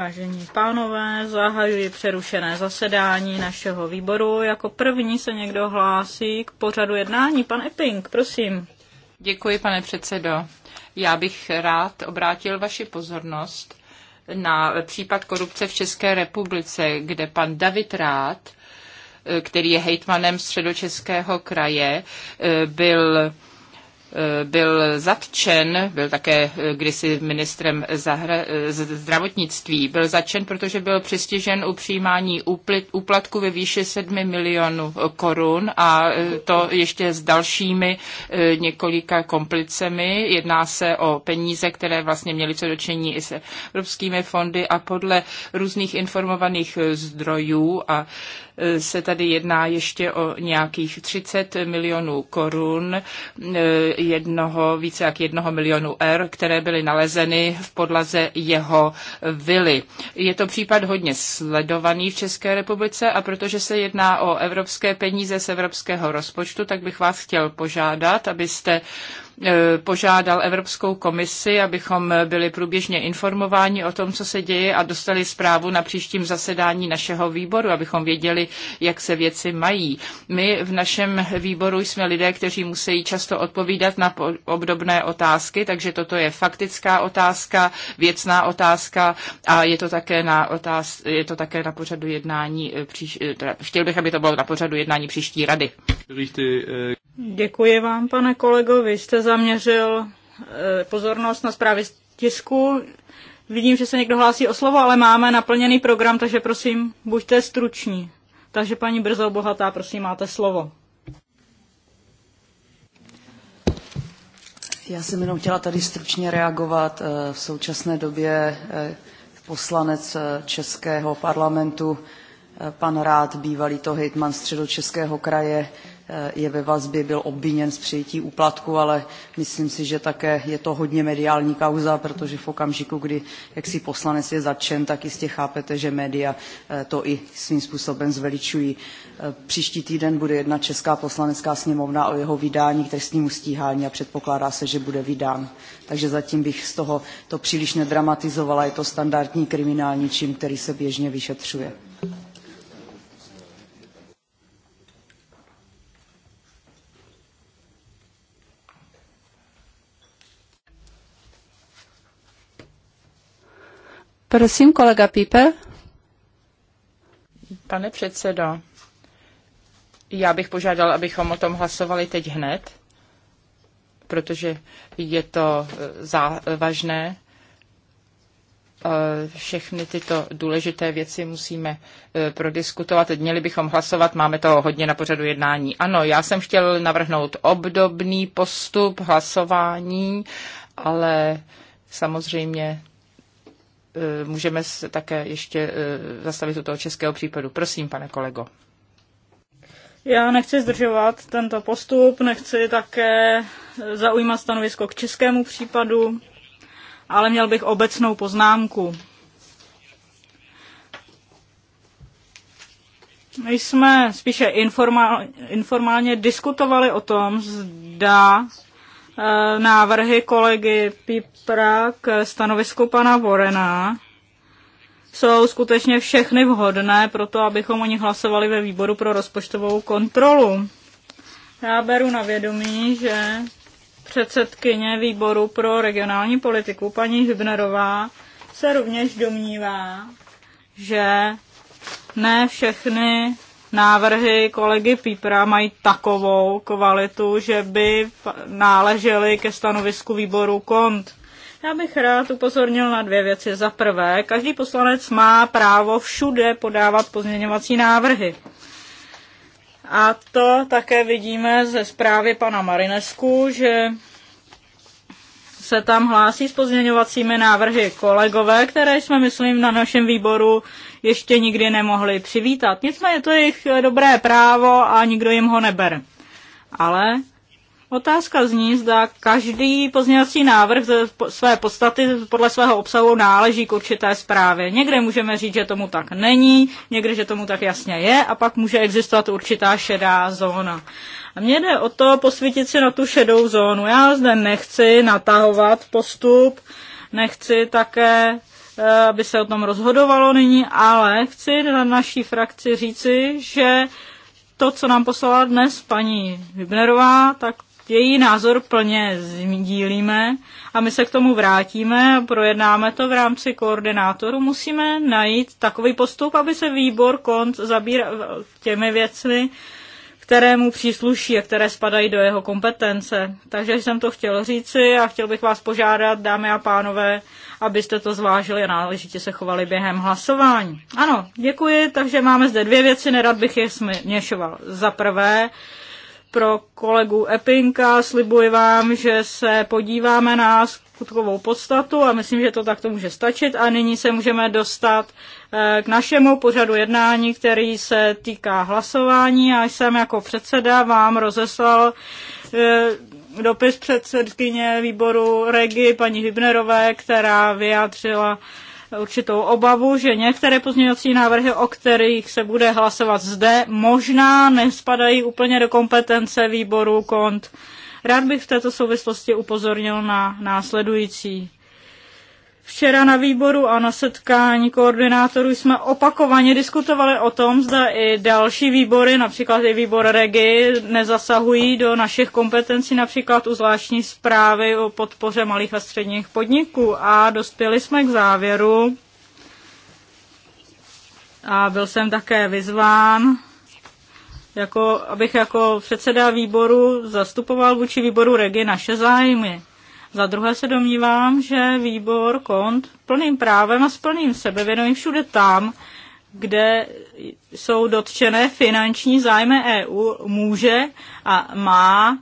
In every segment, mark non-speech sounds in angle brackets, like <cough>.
Vážení pánové, zahajuji přerušené zasedání našeho výboru. Jako první se někdo hlásí k pořadu jednání. Pan Epping, prosím. Děkuji, pane předsedo. Já bych rád obrátil vaši pozornost na případ korupce v České republice, kde pan David Rád, eh, který je hejtmanem středočeského kraje, eh, byl Eh, byl zatčen, byl také eh, kdysi ministrem zahra- eh, zdravotnictví, byl zatčen, protože byl přistižen u přijímání úplatku ve výši 7 milionů korun a to ještě s dalšími několika komplicemi. Jedná se o peníze, které vlastně měly co dočení i se evropskými fondy a podle různých informovaných zdrojů a se tady jedná ještě o nějakých 30 milionů korun, eh, jednoho, více jak jednoho milionu R, které byly nalezeny v podlaze jeho vily. Je to případ hodně sledovaný v České republice a protože se jedná o evropské peníze z evropského rozpočtu, tak bych vás chtěl požádat, abyste E, požádal Evropskou komisi, abychom byli průběžně informováni o tom, co se děje a dostali zprávu na příštím zasedání našeho výboru, abychom věděli, jak se věci mají. My v našem výboru jsme lidé, kteří musí často odpovídat na obdobné otázky, takže toto je faktická otázka, věcná otázka a je to také na, otáz, je to také na pořadu jednání, e, příš, e, teda, chtěl bych, aby to bylo na pořadu jednání příští rady. Děkuji vám, pane kolego. Vy jste zaměřil eh, pozornost na zprávy tisku. Vidím, že se někdo hlásí o slovo, ale máme naplněný program, takže prosím, buďte struční. Takže paní Brzo Bohatá, prosím, máte slovo. Já jsem jenom chtěla tady stručně reagovat. Eh, v současné době eh, poslanec Českého parlamentu, pan Rád, bývalý to hejtman středočeského kraje, Eh, je ve vazbě, byl obviněn z přijetí úplatku, ale myslím si, že také je to hodně mediální kauza, protože v okamžiku, kdy jaksi poslanec je zatčen, tak jistě chápete, že média eh, to i svým způsobem zveličují. Eh, příští týden bude jedna Česká poslanecká sněmovna o jeho vydání k trestnímu stíhání a předpokládá se, že bude vydán. Takže zatím bych z toho to příliš nedramatizovala, je to standardní kriminální čin, který se běžně vyšetřuje. Prosím, kolega Pípe. Pane předsedo, já bych požádal, abychom o tom hlasovali teď hned, protože je to eh, závažné. Eh, všechny tyto důležité věci musíme eh, prodiskutovat. Měli bychom hlasovat, máme toho hodně na pořadu jednání. Ano, já jsem chtěl navrhnout obdobný postup hlasování, ale samozřejmě Eh, můžeme se také ještě eh, zastavit u toho českého případu. Prosím, pane kolego. Já nechci zdržovat tento postup, nechci také eh, zaujímat stanovisko k českému případu, ale měl bych obecnou poznámku. My jsme spíše informál, informálně diskutovali o tom, zda Eh, návrhy kolegy Pipra k stanovisku pana Vorena jsou skutečně všechny vhodné pro to, abychom o nich hlasovali ve výboru pro rozpočtovou kontrolu. Já beru na vědomí, že předsedkyně výboru pro regionální politiku paní Hübnerová se rovněž domnívá, že ne všechny návrhy kolegy Pípra mají takovou kvalitu, že by náležely ke stanovisku výboru KONT. Já bych rád upozornil na dvě věci. Za prvé, každý poslanec má právo všude podávat pozměňovací návrhy. A to také vidíme ze zprávy pana Marinesku, že se tam hlásí s pozměňovacími návrhy kolegové, které jsme, myslím, na našem výboru ještě nikdy nemohli přivítat. Nicméně to je jejich dobré právo a nikdo jim ho neber. Ale Otázka zní, zda každý pozměňovací návrh ze své podstaty podle svého obsahu náleží k určité zprávě. Někde můžeme říct, že tomu tak není, někde, že tomu tak jasně je a pak může existovat určitá šedá zóna. A mně jde o to posvítit si na tu šedou zónu. Já zde nechci natahovat postup, nechci také eh, aby se o tom rozhodovalo nyní, ale chci na naší frakci říci, že to, co nám poslala dnes paní Hübnerová, tak její názor plně sdílíme a my se k tomu vrátíme a projednáme to v rámci koordinátoru. Musíme najít takový postup, aby se výbor kont zabíral těmi věcmi, které mu přísluší a které spadají do jeho kompetence. Takže jsem to chtěl říci a chtěl bych vás požádat, dámy a pánové, abyste to zvážili a náležitě se chovali během hlasování. Ano, děkuji, takže máme zde dvě věci, nerad bych je směšoval. Za prvé, pro kolegu Epinka. Slibuji vám, že se podíváme na skutkovou podstatu a myslím, že to takto může stačit. A nyní se můžeme dostat eh, k našemu pořadu jednání, který se týká hlasování. A jsem jako předseda vám rozeslal eh, dopis předsedkyně výboru Regi paní Hybnerové, která vyjádřila určitou obavu, že některé pozměňovací návrhy, o kterých se bude hlasovat zde, možná nespadají úplně do kompetence výboru kont. Rád bych v této souvislosti upozornil na následující. Včera na výboru a na setkání koordinátorů jsme opakovaně diskutovali o tom, zda i další výbory, například i výbor REGI, nezasahují do našich kompetencí, například u zvláštní zprávy o podpoře malých a středních podniků. A dospěli jsme k závěru, a byl jsem také vyzván, jako, abych jako předseda výboru zastupoval vůči výboru REGI naše zájmy. Za druhé se domnívám, že výbor KONT plným právem a s plným sebevědomím všude tam, kde jsou dotčené finanční zájmy EU, může a má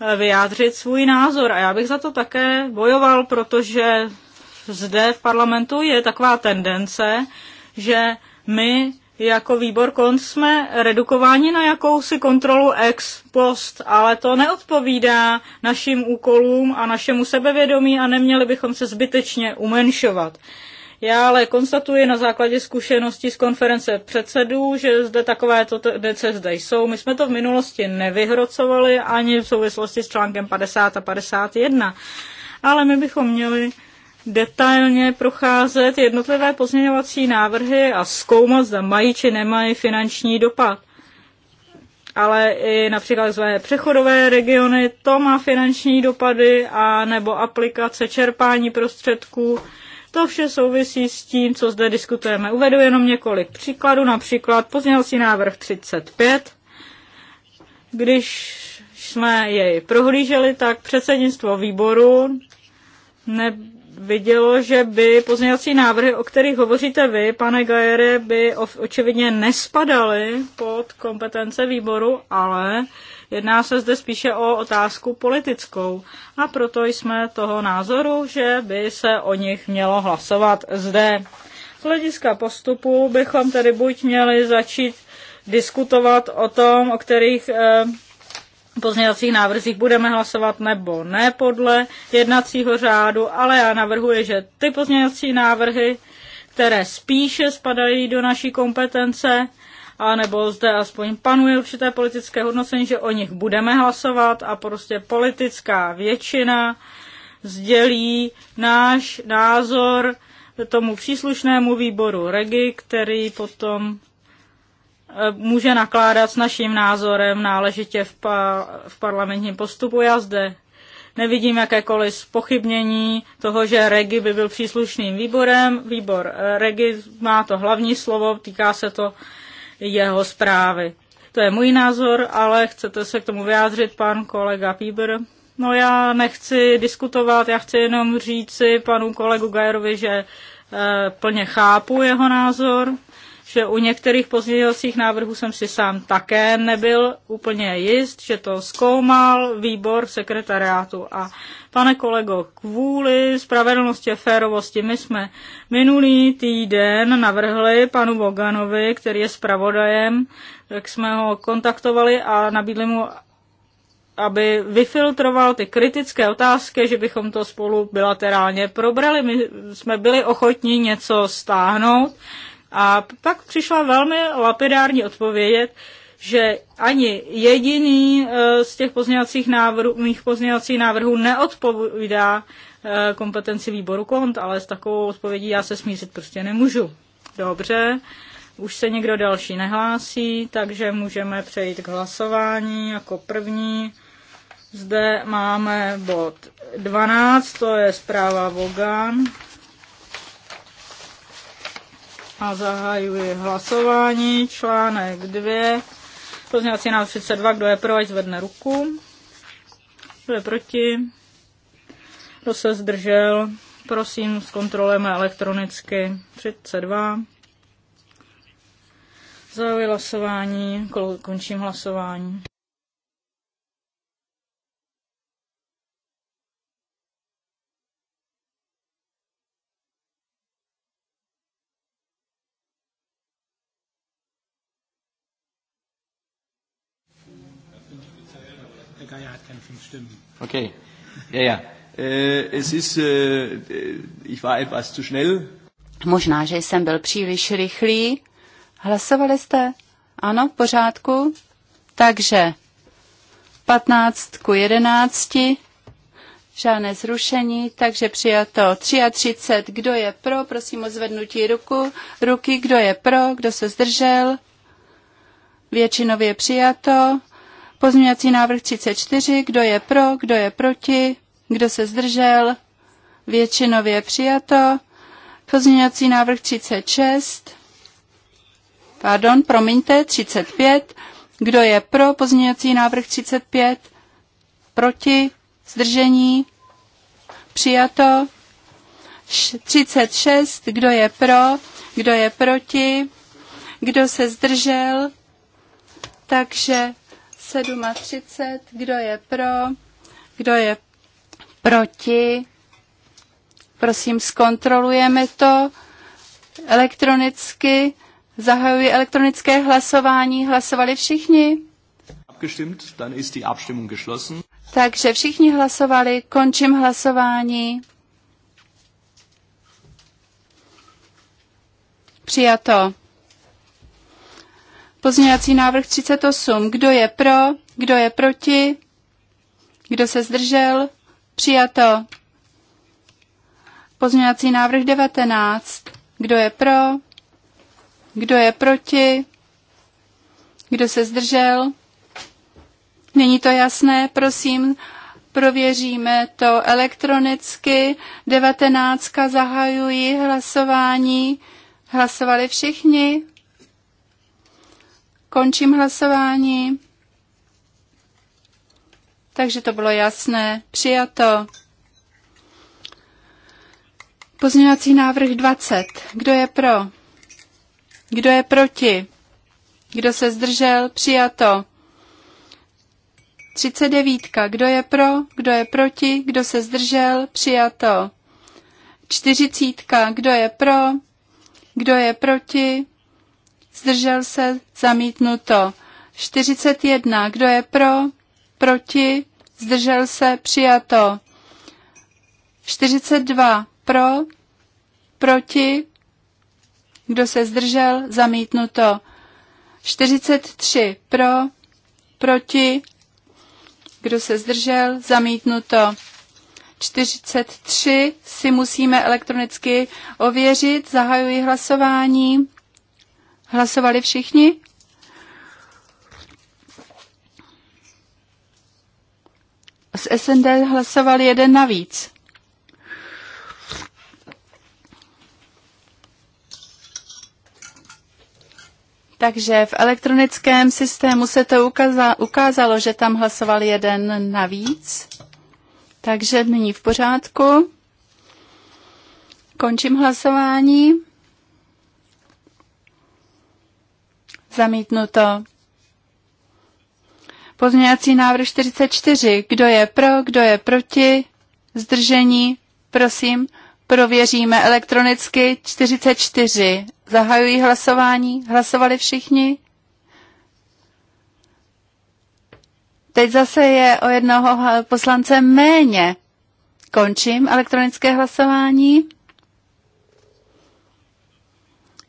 eh, vyjádřit svůj názor. A já bych za to také bojoval, protože zde v parlamentu je taková tendence, že my jako výbor KON jsme redukováni na jakousi kontrolu ex post, ale to neodpovídá našim úkolům a našemu sebevědomí a neměli bychom se zbytečně umenšovat. Já ale konstatuji na základě zkušeností z konference předsedů, že zde takovéto tendence zde jsou. My jsme to v minulosti nevyhrocovali ani v souvislosti s článkem 50 a 51, ale my bychom měli detailně procházet jednotlivé pozměňovací návrhy a zkoumat, zda mají či nemají finanční dopad. Ale i například své přechodové regiony, to má finanční dopady a nebo aplikace čerpání prostředků. To vše souvisí s tím, co zde diskutujeme. Uvedu jenom několik příkladů, například pozměňovací návrh 35. Když jsme jej prohlíželi, tak předsednictvo výboru ne, vidělo, že by pozměňovací návrhy, o kterých hovoříte vy, pane Gajere, by očividně nespadaly pod kompetence výboru, ale jedná se zde spíše o otázku politickou. A proto jsme toho názoru, že by se o nich mělo hlasovat zde. Z hlediska postupu bychom tedy buď měli začít diskutovat o tom, o kterých eh, pozměňovacích návrzích budeme hlasovat nebo ne podle jednacího řádu, ale já navrhuji, že ty pozměňovací návrhy, které spíše spadají do naší kompetence, a nebo zde aspoň panuje určité politické hodnocení, že o nich budeme hlasovat a prostě politická většina sdělí náš názor tomu příslušnému výboru REGI, který potom může nakládat s naším názorem náležitě v, pa, v parlamentním postupu. Já zde nevidím jakékoliv pochybnění toho, že Regi by byl příslušným výborem. Výbor eh, Regi má to hlavní slovo, týká se to jeho zprávy. To je můj názor, ale chcete se k tomu vyjádřit, pan kolega Píber? No já nechci diskutovat, já chci jenom říci panu kolegu Gajerovi, že eh, plně chápu jeho názor že u některých pozdějovacích návrhů jsem si sám také nebyl úplně jist, že to zkoumal výbor sekretariátu. A pane kolego, kvůli spravedlnosti a férovosti, my jsme minulý týden navrhli panu Boganovi, který je zpravodajem, tak jsme ho kontaktovali a nabídli mu aby vyfiltroval ty kritické otázky, že bychom to spolu bilaterálně probrali. My jsme byli ochotní něco stáhnout, a pak přišla velmi lapidární odpovědět, že ani jediný eh, z těch pozněvacích návrhů, mých pozněvacích návrhů neodpovídá eh, kompetenci výboru kont, ale s takovou odpovědí já se smířit prostě nemůžu. Dobře, už se někdo další nehlásí, takže můžeme přejít k hlasování jako první. Zde máme bod 12, to je zpráva Vogan a zahajuji hlasování. Článek 2. Pozměňovací návrh 32. Kdo je pro, ať zvedne ruku. Kdo je proti? Kdo se zdržel? Prosím, zkontrolujeme elektronicky. 32. Zahajuji hlasování. Končím hlasování. er hat keine fünf Stimmen. Okay. Ja, ja. Äh, es ist, äh, äh, ich war etwas zu schnell. Možná, že jsem byl příliš rychlý. Hlasovali jste? Ano, v pořádku. Takže 15 ku 11, žádné zrušení, takže přijato 33. Kdo je pro, prosím o zvednutí ruku, ruky, kdo je pro, kdo se zdržel, většinově přijato, Pozměňovací návrh 34, kdo je pro, kdo je proti, kdo se zdržel, většinově přijato. Pozměňovací návrh 36, pardon, promiňte, 35, kdo je pro pozměňovací návrh 35, proti, zdržení, přijato. 36, kdo je pro, kdo je proti, kdo se zdržel, takže 37. Kdo je pro? Kdo je proti? Prosím, zkontrolujeme to elektronicky. Zahajuji elektronické hlasování. Hlasovali všichni? Abgestimmt, dann ist die Abstimmung geschlossen. Takže všichni hlasovali, končím hlasování. Přijato. Pozměňovací návrh 38. Kdo je pro? Kdo je proti? Kdo se zdržel? Přijato. Pozměňovací návrh 19. Kdo je pro? Kdo je proti? Kdo se zdržel? Není to jasné, prosím, prověříme to elektronicky. 19. zahajuji hlasování. Hlasovali všichni? Končím hlasování. Takže to bylo jasné. Přijato. Pozměňovací návrh 20. Kdo je pro? Kdo je proti? Kdo se zdržel? Přijato. 39. Kdo je pro? Kdo je proti? Kdo se zdržel? Přijato. 40. Kdo je pro? Kdo je proti? zdržel se, zamítnuto. 41, kdo je pro, proti, zdržel se, přijato. 42, pro, proti, kdo se zdržel, zamítnuto. 43, pro, proti, kdo se zdržel, zamítnuto. 43 si musíme elektronicky ověřit. Zahajuji hlasování. Hlasovali všichni? Z SND hlasoval jeden navíc. Takže v elektronickém systému se to ukázalo, že tam hlasoval jeden navíc. Takže nyní v pořádku. Končím hlasování. Zamítnuto. Pozměňovací návrh 44. Kdo je pro, kdo je proti? Zdržení? Prosím, prověříme elektronicky 44. Zahajují hlasování. Hlasovali všichni? Teď zase je o jednoho poslance méně. Končím elektronické hlasování.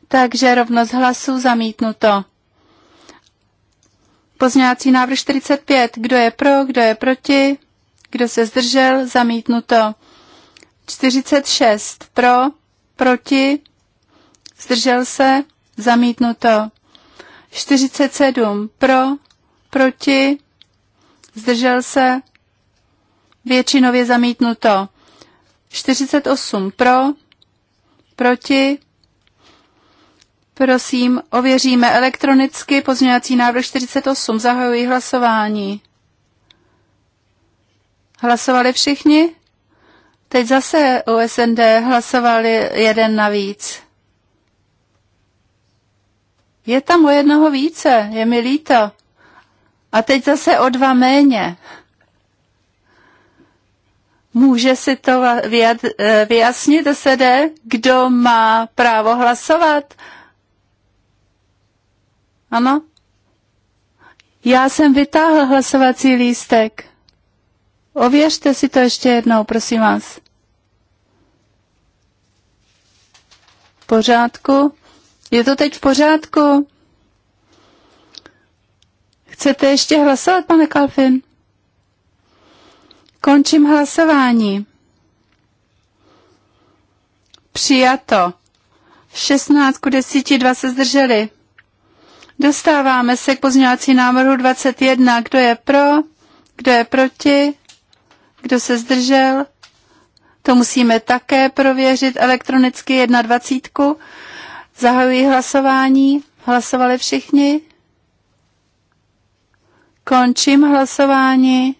Takže rovnost hlasů zamítnuto. Pozměňovací návrh 45. Kdo je pro, kdo je proti, kdo se zdržel, zamítnuto. 46. Pro, proti, zdržel se, zamítnuto. 47. Pro, proti, zdržel se, většinově zamítnuto. 48. Pro, proti, Prosím, ověříme elektronicky pozměňovací návrh 48. Zahajuji hlasování. Hlasovali všichni? Teď zase OSND hlasovali jeden navíc. Je tam o jednoho více, je mi líto. A teď zase o dva méně. Může si to eh, vyjasnit, SED, kdo má právo hlasovat? Ano? Já jsem vytáhl hlasovací lístek. Ověřte si to ještě jednou, prosím vás. V pořádku? Je to teď v pořádku? Chcete ještě hlasovat, pane Kalfin? Končím hlasování. Přijato. 16 ku 10, 2 se zdrželi. Dostáváme se k pozměňovací návrhu 21. Kdo je pro? Kdo je proti? Kdo se zdržel? To musíme také prověřit elektronicky 21. Zahajuji hlasování. Hlasovali všichni? Končím hlasování.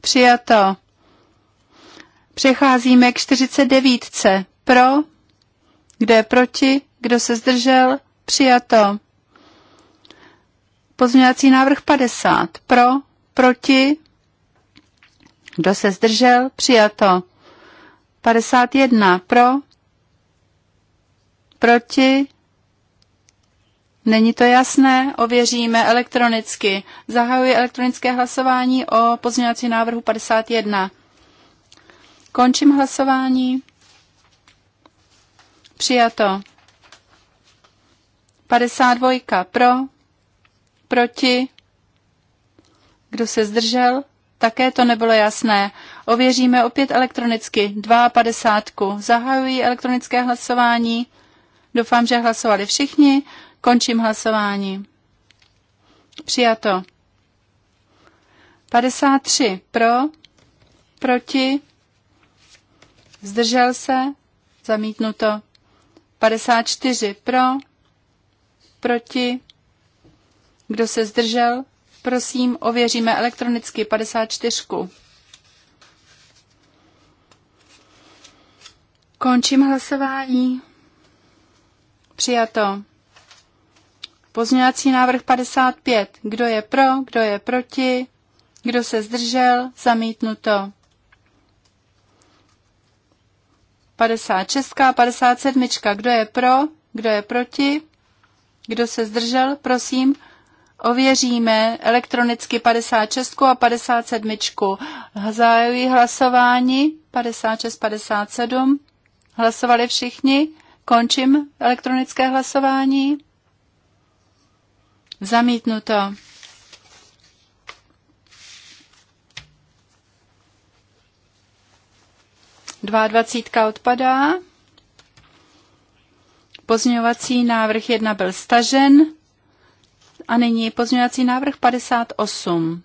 Přijato. Přecházíme k 49. Pro? Kdo je proti? Kdo se zdržel? Přijato. Pozměňovací návrh 50. Pro, proti, kdo se zdržel? Přijato. 51. Pro, proti, není to jasné, ověříme elektronicky. Zahajuji elektronické hlasování o pozměňovací návrhu 51. Končím hlasování. Přijato. 52 pro, proti, kdo se zdržel, také to nebylo jasné. Ověříme opět elektronicky 52. zahajují elektronické hlasování. Doufám, že hlasovali všichni. Končím hlasování. Přijato. 53 pro, proti, zdržel se, zamítnuto. 54 pro, proti, kdo se zdržel, prosím, ověříme elektronicky 54. Končím hlasování. Přijato. Pozměňovací návrh 55. Kdo je pro, kdo je proti, kdo se zdržel, zamítnuto. 56. 57. Kdo je pro, kdo je proti, kdo se zdržel, prosím, ověříme elektronicky 56 a 57. Zahajuji hlasování 56, 57. Hlasovali všichni? Končím elektronické hlasování. Zamítnuto. dvacítka odpadá. Pozměňovací návrh 1 byl stažen a nyní pozměňovací návrh 58.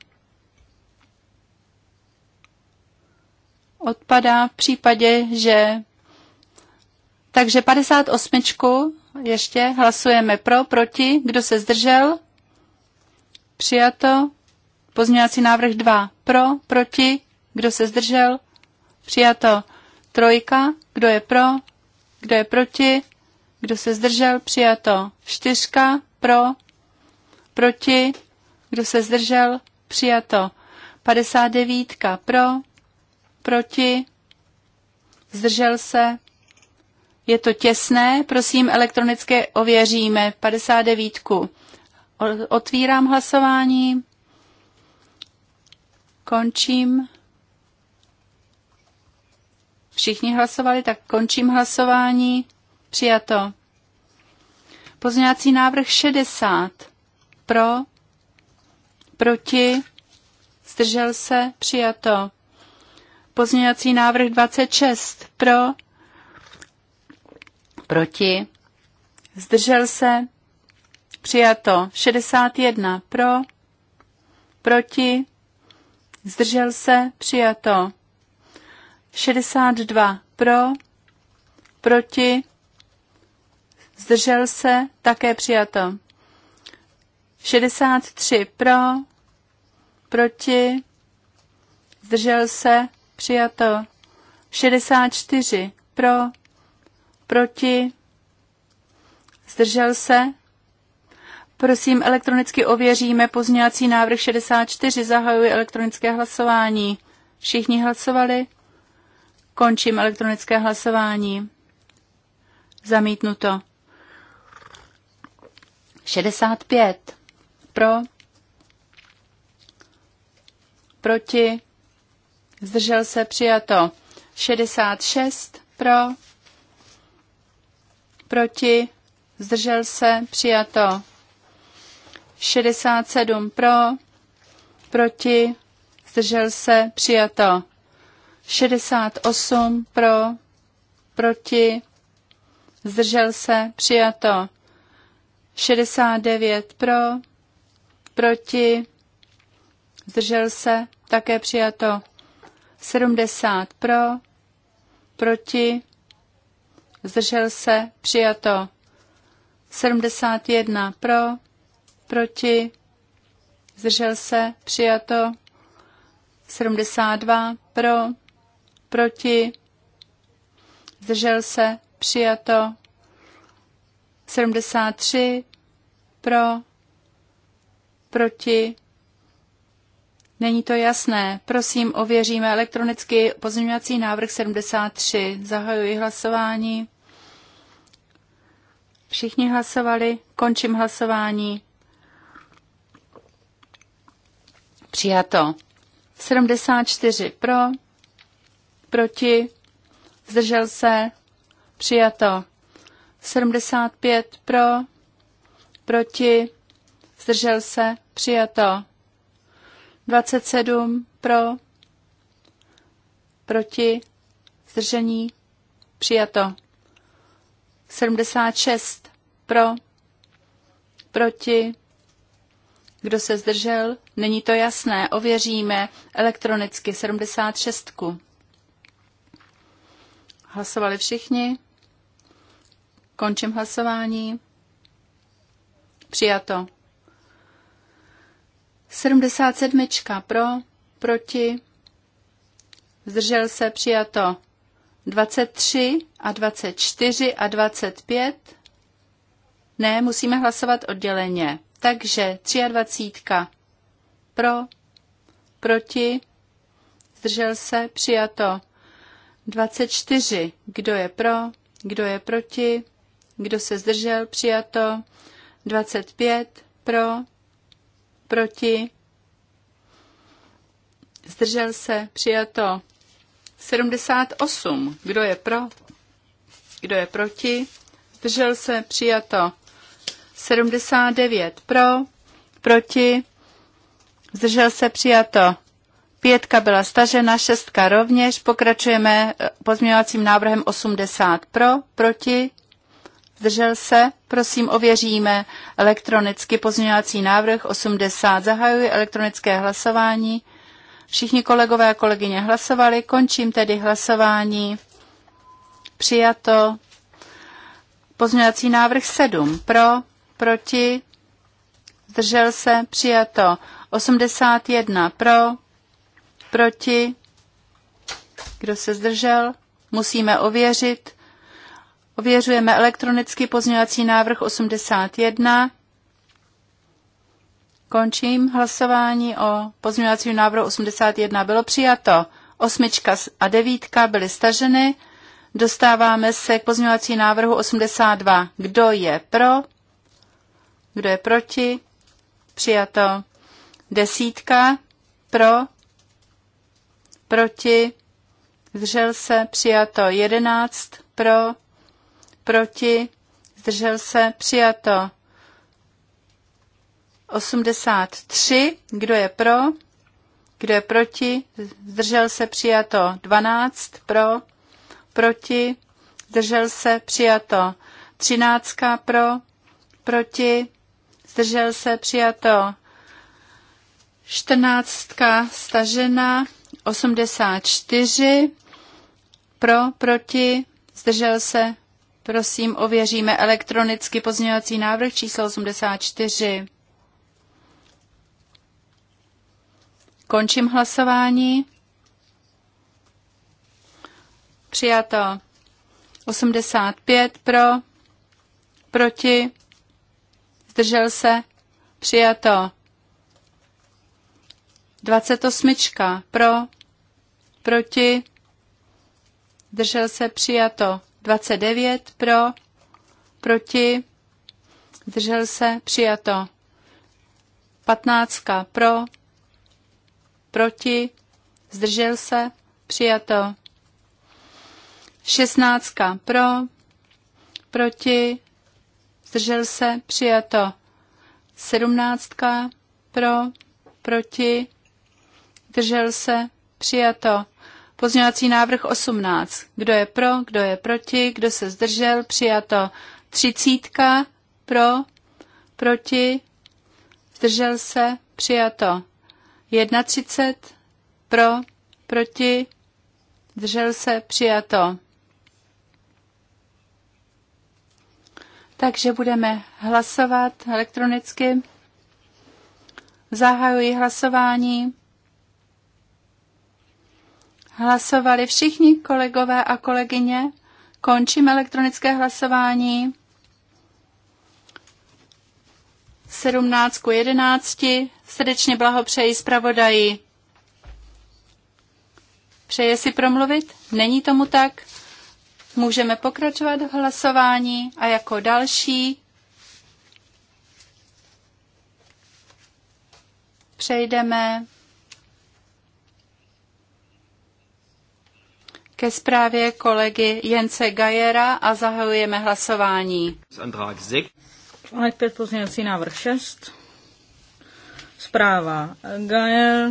Odpadá v případě, že... Takže 58. ještě hlasujeme pro, proti, kdo se zdržel? Přijato. Pozměňovací návrh 2 pro, proti, kdo se zdržel? Přijato. Trojka, kdo je pro, kdo je proti, kdo se zdržel? Přijato. Čtyřka pro, proti. Kdo se zdržel? Přijato. 59 pro, proti. Zdržel se. Je to těsné, prosím, elektronicky ověříme 59. Otvírám hlasování. Končím. Všichni hlasovali, tak končím hlasování. Přijato. Pozměňovací návrh 60. Pro, proti, zdržel se, přijato. Pozměňovací návrh 26. Pro, proti, zdržel se, přijato. 61. Pro, proti, zdržel se, přijato. 62. Pro, proti, zdržel se, také přijato. 63 pro, proti, zdržel se, přijato. 64 pro, proti, zdržel se. Prosím, elektronicky ověříme pozměňovací návrh 64. Zahajuji elektronické hlasování. Všichni hlasovali? Končím elektronické hlasování. Zamítnuto. 65 pro, proti, zdržel se přijato 66 pro, proti, zdržel se přijato 67 pro, proti, zdržel se přijato 68 pro, proti, zdržel se přijato 69 pro, proti, zdržel se, také přijato 70 pro, proti, zdržel se, přijato 71 pro, proti, zdržel se, přijato 72 pro, proti, zdržel se, přijato 73 pro? Proti? Není to jasné. Prosím, ověříme elektronicky pozměňovací návrh 73. Zahajuji hlasování. Všichni hlasovali. Končím hlasování. Přijato. 74 pro, proti, zdržel se, přijato. 75 pro, proti, zdržel se, přijato. 27 pro, proti, zdržení, přijato. 76 pro, proti, kdo se zdržel, není to jasné, ověříme elektronicky 76. Hlasovali všichni. Končím hlasování. Přijato. 77. Pro, proti, zdržel se, přijato. 23 a 24 a 25. Ne, musíme hlasovat odděleně. Takže 23. Pro, proti, zdržel se, přijato. 24. Kdo je pro, kdo je proti, kdo se zdržel, přijato. 25 pro, proti, zdržel se, přijato 78. Kdo je pro? Kdo je proti? Zdržel se, přijato 79 pro, proti, zdržel se, přijato Pětka byla stažena, šestka rovněž. Pokračujeme eh, pozměňovacím návrhem 80 pro, proti, Zdržel se? Prosím, ověříme elektronicky pozměňovací návrh 80. Zahajuji elektronické hlasování. Všichni kolegové a kolegyně hlasovali. Končím tedy hlasování. Přijato. Pozměňovací návrh 7. Pro, proti, zdržel se, přijato. 81 pro, proti, kdo se zdržel, musíme ověřit. Ověřujeme elektronicky pozměňovací návrh 81. Končím hlasování o pozměňovacím návrhu 81. Bylo přijato. Osmička a devítka byly staženy. Dostáváme se k pozměňovací návrhu 82. Kdo je pro? Kdo je proti? Přijato. Desítka. Pro? Proti? Zdržel se. Přijato. Jedenáct. Pro? proti, zdržel se, přijato. 83, kdo je pro, kdo je proti, zdržel se, přijato. 12, pro, proti, zdržel se, přijato. 13 pro, proti, zdržel se, přijato. 14 stažena, 84 pro, proti, zdržel se, Prosím, ověříme elektronicky pozměňovací návrh číslo 84. Končím hlasování. Přijato 85 pro, proti, zdržel se, přijato 28 pro, proti, zdržel se, přijato 29 pro, proti, zdržel se, přijato. 15 pro, proti, zdržel se, přijato. 16 pro, proti, zdržel se, přijato. 17 pro, proti, držel se, přijato. Pozměňovací návrh 18. Kdo je pro, kdo je proti, kdo se zdržel, přijato. Třicítka pro, proti, zdržel se, přijato. 31 pro, proti, zdržel se, přijato. Takže budeme hlasovat elektronicky. Zahajuji hlasování. Hlasovali všichni kolegové a kolegyně. Končím elektronické hlasování. 17 ku 11. Srdečně blahopřeji zpravodaji. Přeje si promluvit? Není tomu tak. Můžeme pokračovat v hlasování a jako další přejdeme ke zprávě kolegy Jence Gajera a zahajujeme hlasování. Článek 5, pozměňovací návrh 6. Zpráva Gajer.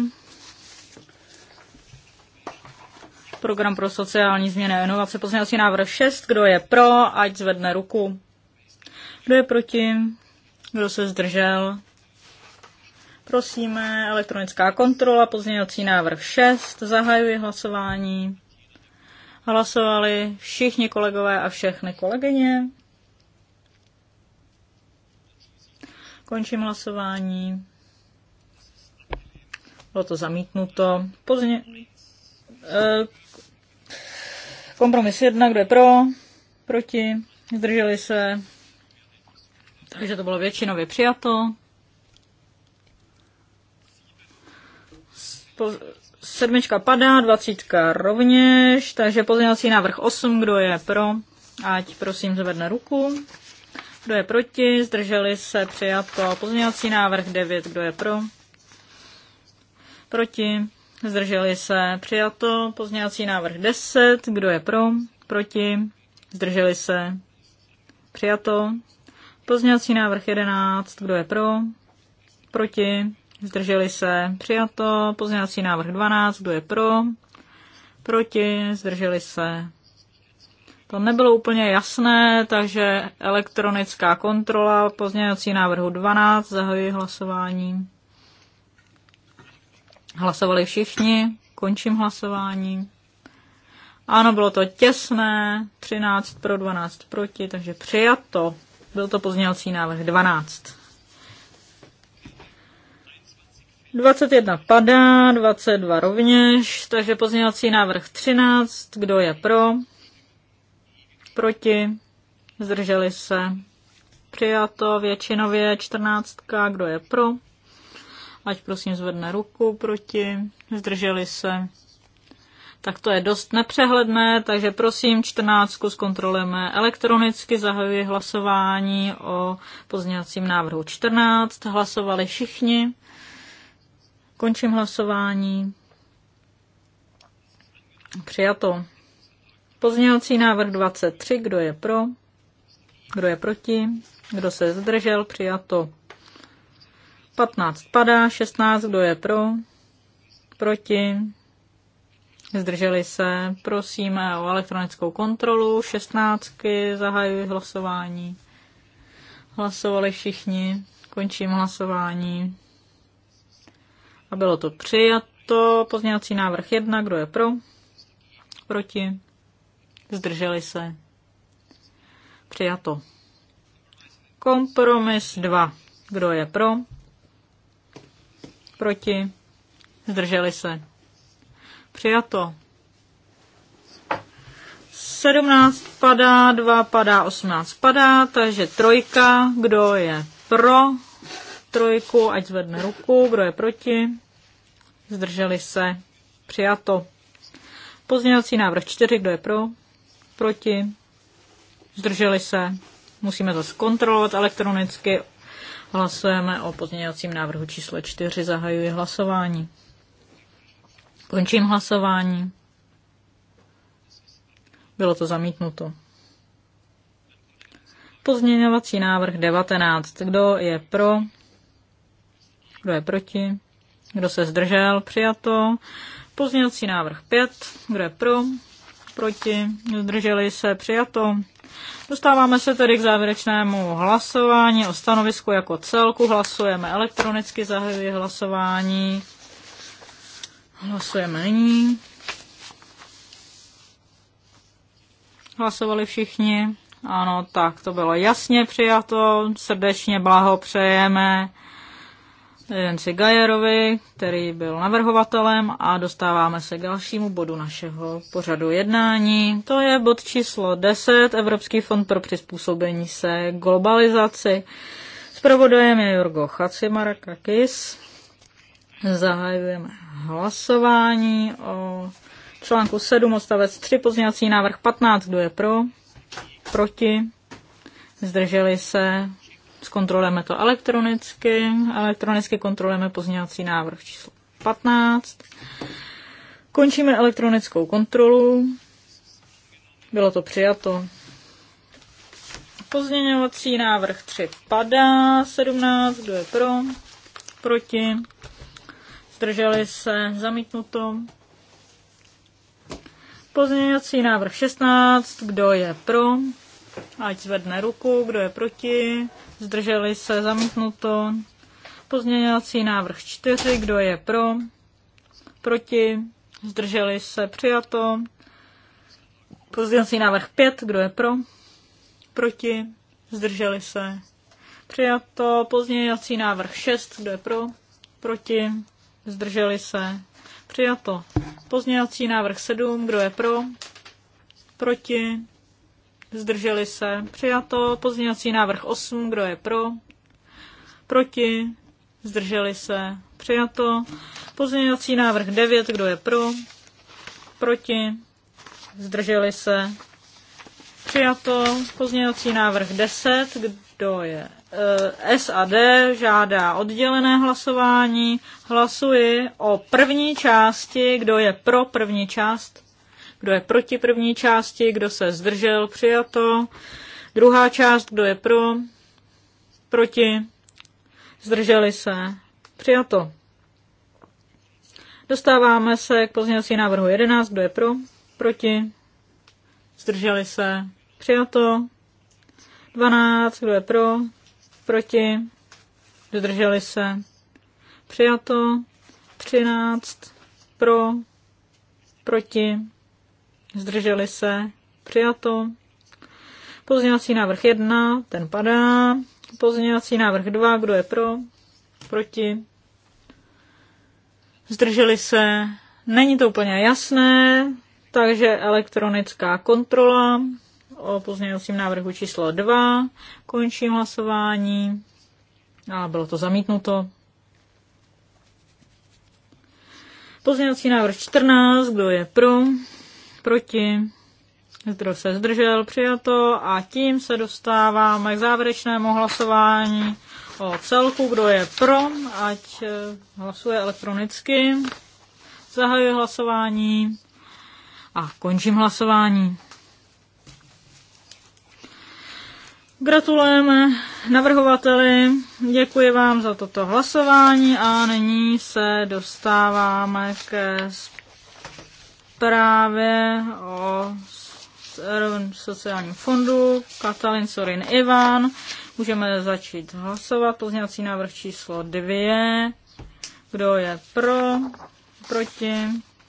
Program pro sociální změny a inovace. Pozměňovací návrh 6. Kdo je pro, ať zvedne ruku. Kdo je proti? Kdo se zdržel? Prosíme, elektronická kontrola, pozměňovací návrh 6, zahajuji hlasování. Hlasovali všichni kolegové a všechny kolegyně. Končím hlasování. Bylo to zamítnuto. Pozně... Eh, kompromis jedna, kdo je pro, proti, zdrželi se. Takže to bylo většinově přijato. Sedmička padá, dvacítka rovněž, takže pozměňovací návrh 8, kdo je pro, ať prosím zvedne ruku. Kdo je proti, zdrželi se, přijato. Pozměňovací návrh 9, kdo je pro, proti, zdrželi se, přijato. Pozměňovací návrh 10, kdo je pro, proti, zdrželi se, přijato. Pozměňovací návrh 11, kdo je pro, proti, zdrželi se, přijato. Pozměňovací návrh 12, kdo je pro, proti, zdrželi se. To nebylo úplně jasné, takže elektronická kontrola pozměňovací návrhu 12, zahajuji hlasování. Hlasovali všichni, končím hlasování. Ano, bylo to těsné, 13 pro 12 proti, takže přijato. Byl to pozměňovací návrh 12. 21 padá, 22 rovněž, takže pozměňovací návrh 13, kdo je pro, proti, zdrželi se, přijato většinově 14, kdo je pro, ať prosím zvedne ruku proti, zdrželi se. Tak to je dost nepřehledné, takže prosím 14 zkontrolujeme elektronicky, zahajuji hlasování o pozněvacím návrhu 14, hlasovali všichni. Končím hlasování. Přijato. Pozměňovací návrh 23. Kdo je pro? Kdo je proti? Kdo se zdržel? Přijato. 15 padá, 16, kdo je pro? Proti? Zdrželi se. Prosíme o elektronickou kontrolu. 16. Zahajuji hlasování. Hlasovali všichni. Končím hlasování. A bylo to přijato. Pozměňovací návrh 1. Kdo je pro? Proti? Zdrželi se? Přijato. Kompromis 2. Kdo je pro? Proti? Zdrželi se? Přijato. 17 padá, 2 padá, 18 padá, takže trojka, kdo je pro, trojku, ať zvedne ruku, kdo je proti. Zdrželi se. Přijato. Pozměňovací návrh 4, kdo je pro? Proti. Zdrželi se. Musíme to zkontrolovat elektronicky. Hlasujeme o pozměňovacím návrhu číslo 4. Zahajuji hlasování. Končím hlasování. Bylo to zamítnuto. Pozměňovací návrh 19. Kdo je pro? kdo je proti, kdo se zdržel, přijato. Pozměňovací návrh 5, kdo je pro, proti, zdrželi se, přijato. Dostáváme se tedy k závěrečnému hlasování o stanovisku jako celku. Hlasujeme elektronicky, zahajuji hlasování. Hlasujeme nyní. Hlasovali všichni. Ano, tak to bylo jasně přijato. Srdečně blaho přejeme Jensi Gajerovi, který byl navrhovatelem a dostáváme se k dalšímu bodu našeho pořadu jednání. To je bod číslo 10, Evropský fond pro přizpůsobení se globalizaci. Spravodajem je Jurgo Chacimarakakis. Zahajujeme hlasování o článku 7 odstavec 3 pozněvací návrh 15. Kdo je pro? Proti? Zdrželi se? Zkontrolujeme to elektronicky. Elektronicky kontrolujeme pozměňovací návrh číslo 15. Končíme elektronickou kontrolu. Bylo to přijato. Pozměňovací návrh 3 padá. 17. Kdo je pro? Proti? Zdrželi se? Zamítnuto. Pozměňovací návrh 16. Kdo je pro? Ať zvedne ruku. Kdo je proti? zdrželi se, zamítnuto. Pozměňovací návrh 4, kdo je pro, proti, zdrželi se, přijato. Pozměňovací návrh 5, kdo je pro, proti, zdrželi se, přijato. Pozměňovací návrh 6, kdo je pro, proti, zdrželi se, přijato. Pozměňovací návrh 7, kdo je pro, proti, zdrželi se, přijato. Pozměňovací návrh 8, kdo je pro, proti, zdrželi se, přijato. Pozměňovací návrh 9, kdo je pro, proti, zdrželi se, přijato. Pozměňovací návrh 10, kdo je e, eh, SAD žádá oddělené hlasování. Hlasuji o první části, kdo je pro první část, kdo je proti první části? Kdo se zdržel? Přijato. Druhá část, kdo je pro? Proti? Zdrželi se? Přijato. Dostáváme se k pozměňovací návrhu 11. Kdo je pro? Proti? Zdrželi se? Přijato. 12. Kdo je pro? Proti? Zdrželi se? Přijato. 13. Pro? Proti? zdrželi se, přijato. Pozměňovací návrh 1, ten padá. Pozměňovací návrh 2, kdo je pro, proti, zdrželi se, není to úplně jasné, takže elektronická kontrola o pozměňovacím návrhu číslo 2. Končím hlasování. A bylo to zamítnuto. Pozměňovací návrh 14, kdo je pro, proti, zdroj se zdržel, přijato a tím se dostáváme k závěrečnému hlasování o celku, kdo je pro, ať eh, hlasuje elektronicky. Zahajuji hlasování a končím hlasování. Gratulujeme navrhovateli, děkuji vám za toto hlasování a nyní se dostáváme ke právě o sociálním fondu Katalin Sorin Ivan. Můžeme začít hlasovat. Pozněvací návrh číslo 2. Kdo je pro? Proti?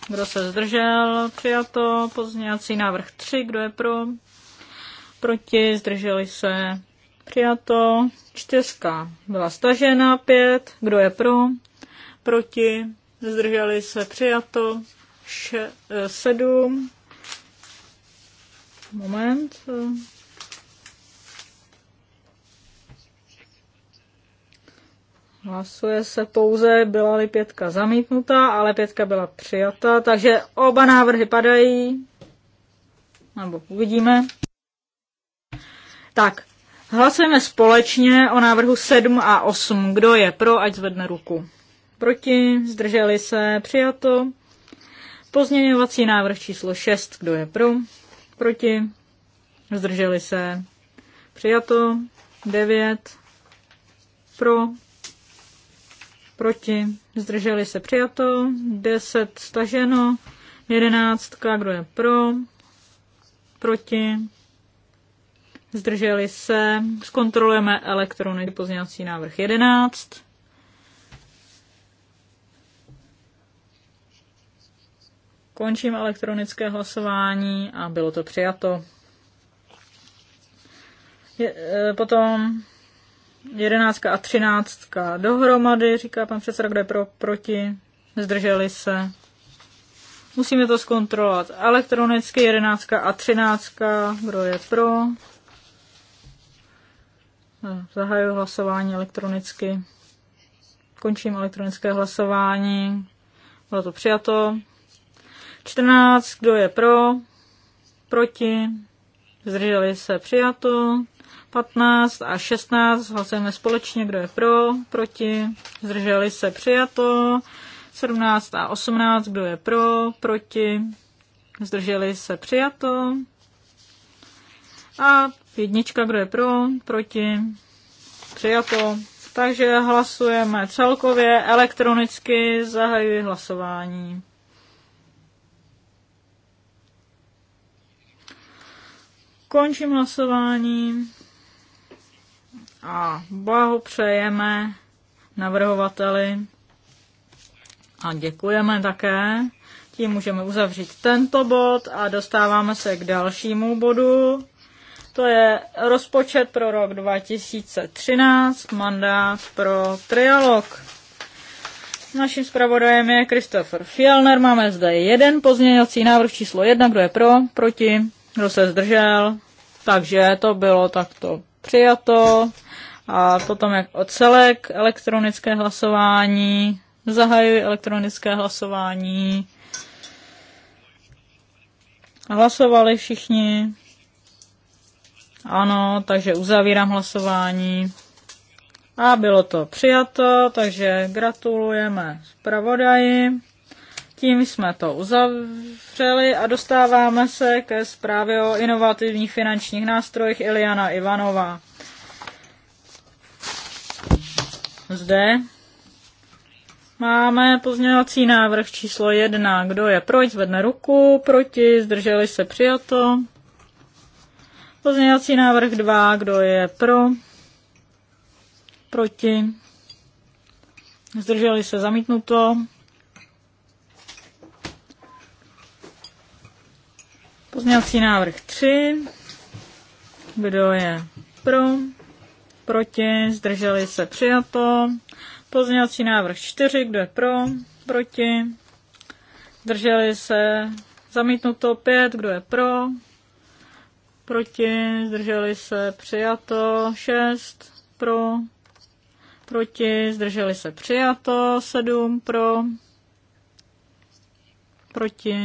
Kdo se zdržel? Přijato. Pozněvací návrh 3. Kdo je pro? Proti? Zdrželi se? Přijato. Čtyřka byla stažena. Pět. Kdo je pro? Proti? Zdrželi se? Přijato. 7. Moment. Hlasuje se pouze, byla-li pětka zamítnutá, ale pětka byla přijata, takže oba návrhy padají. Nebo uvidíme. Tak, hlasujeme společně o návrhu 7 a 8. Kdo je pro, ať zvedne ruku. Proti, zdrželi se, přijato. Pozměňovací návrh číslo 6, kdo je pro? Proti? Zdrželi se? Přijato. 9. Pro? Proti? Zdrželi se? Přijato. 10. Staženo. 11. Kdo je pro? Proti? Zdrželi se? Zkontrolujeme elektronický pozměňovací návrh 11. Končím elektronické hlasování a bylo to přijato. Je, e, potom jedenáctka a třináctka dohromady, říká pan předseda, kde pro, proti, zdrželi se. Musíme to zkontrolovat. Elektronicky jedenáctka a třináctka, kdo je pro. E, zahajuji hlasování elektronicky. Končím elektronické hlasování. Bylo to přijato. 14, kdo je pro? Proti? Zdrželi se přijato. 15 a 16 hlasujeme společně, kdo je pro, proti, zdrželi se přijato. 17 a 18, kdo je pro, proti, zdrželi se přijato. A jednička, kdo je pro, proti, přijato. Takže hlasujeme celkově elektronicky, zahajuji hlasování. Končím hlasování a blahopřejeme navrhovateli a děkujeme také. Tím můžeme uzavřít tento bod a dostáváme se k dalšímu bodu. To je rozpočet pro rok 2013, mandát pro trialog. Naším zpravodajem je Christopher Fielner. Máme zde jeden pozměňovací návrh číslo jedna. Kdo je pro? Proti? Kdo se zdržel? Takže to bylo takto přijato. A potom jak o celek elektronické hlasování. Zahajuji elektronické hlasování. Hlasovali všichni. Ano, takže uzavírám hlasování. A bylo to přijato, takže gratulujeme zpravodaji. Tím jsme to uzavřeli a dostáváme se ke zprávě o inovativních finančních nástrojích Iliana Ivanová. Zde máme pozměňovací návrh číslo jedna. Kdo je pro, zvedne ruku, proti, zdrželi se přijato. Pozměňovací návrh 2. Kdo je pro? Proti? Zdrželi se zamítnuto. Pozměňovací návrh 3. Kdo je pro? Proti? Zdrželi se přijato. Pozměňovací návrh 4. Kdo je pro? Proti? Zdrželi se zamítnuto 5. Kdo je pro? Proti? Zdrželi se přijato 6. Pro? Proti? Zdrželi se přijato 7. Pro? Proti?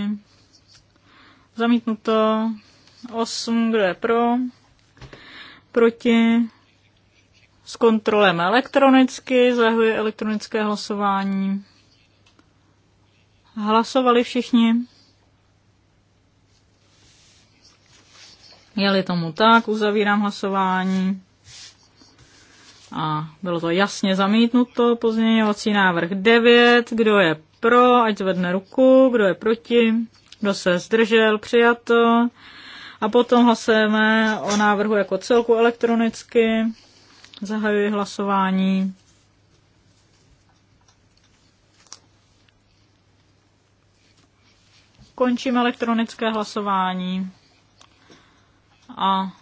Zamítnuto. 8, kdo je pro? Proti? S kontrolem elektronicky, zahuje elektronické hlasování. Hlasovali všichni? Jeli tomu tak, uzavírám hlasování. A bylo to jasně zamítnuto. Pozměňovací návrh 9. Kdo je pro, ať zvedne ruku. Kdo je proti? kdo se zdržel, přijato. A potom hlasujeme o návrhu jako celku elektronicky. Zahajuji hlasování. Končím elektronické hlasování. A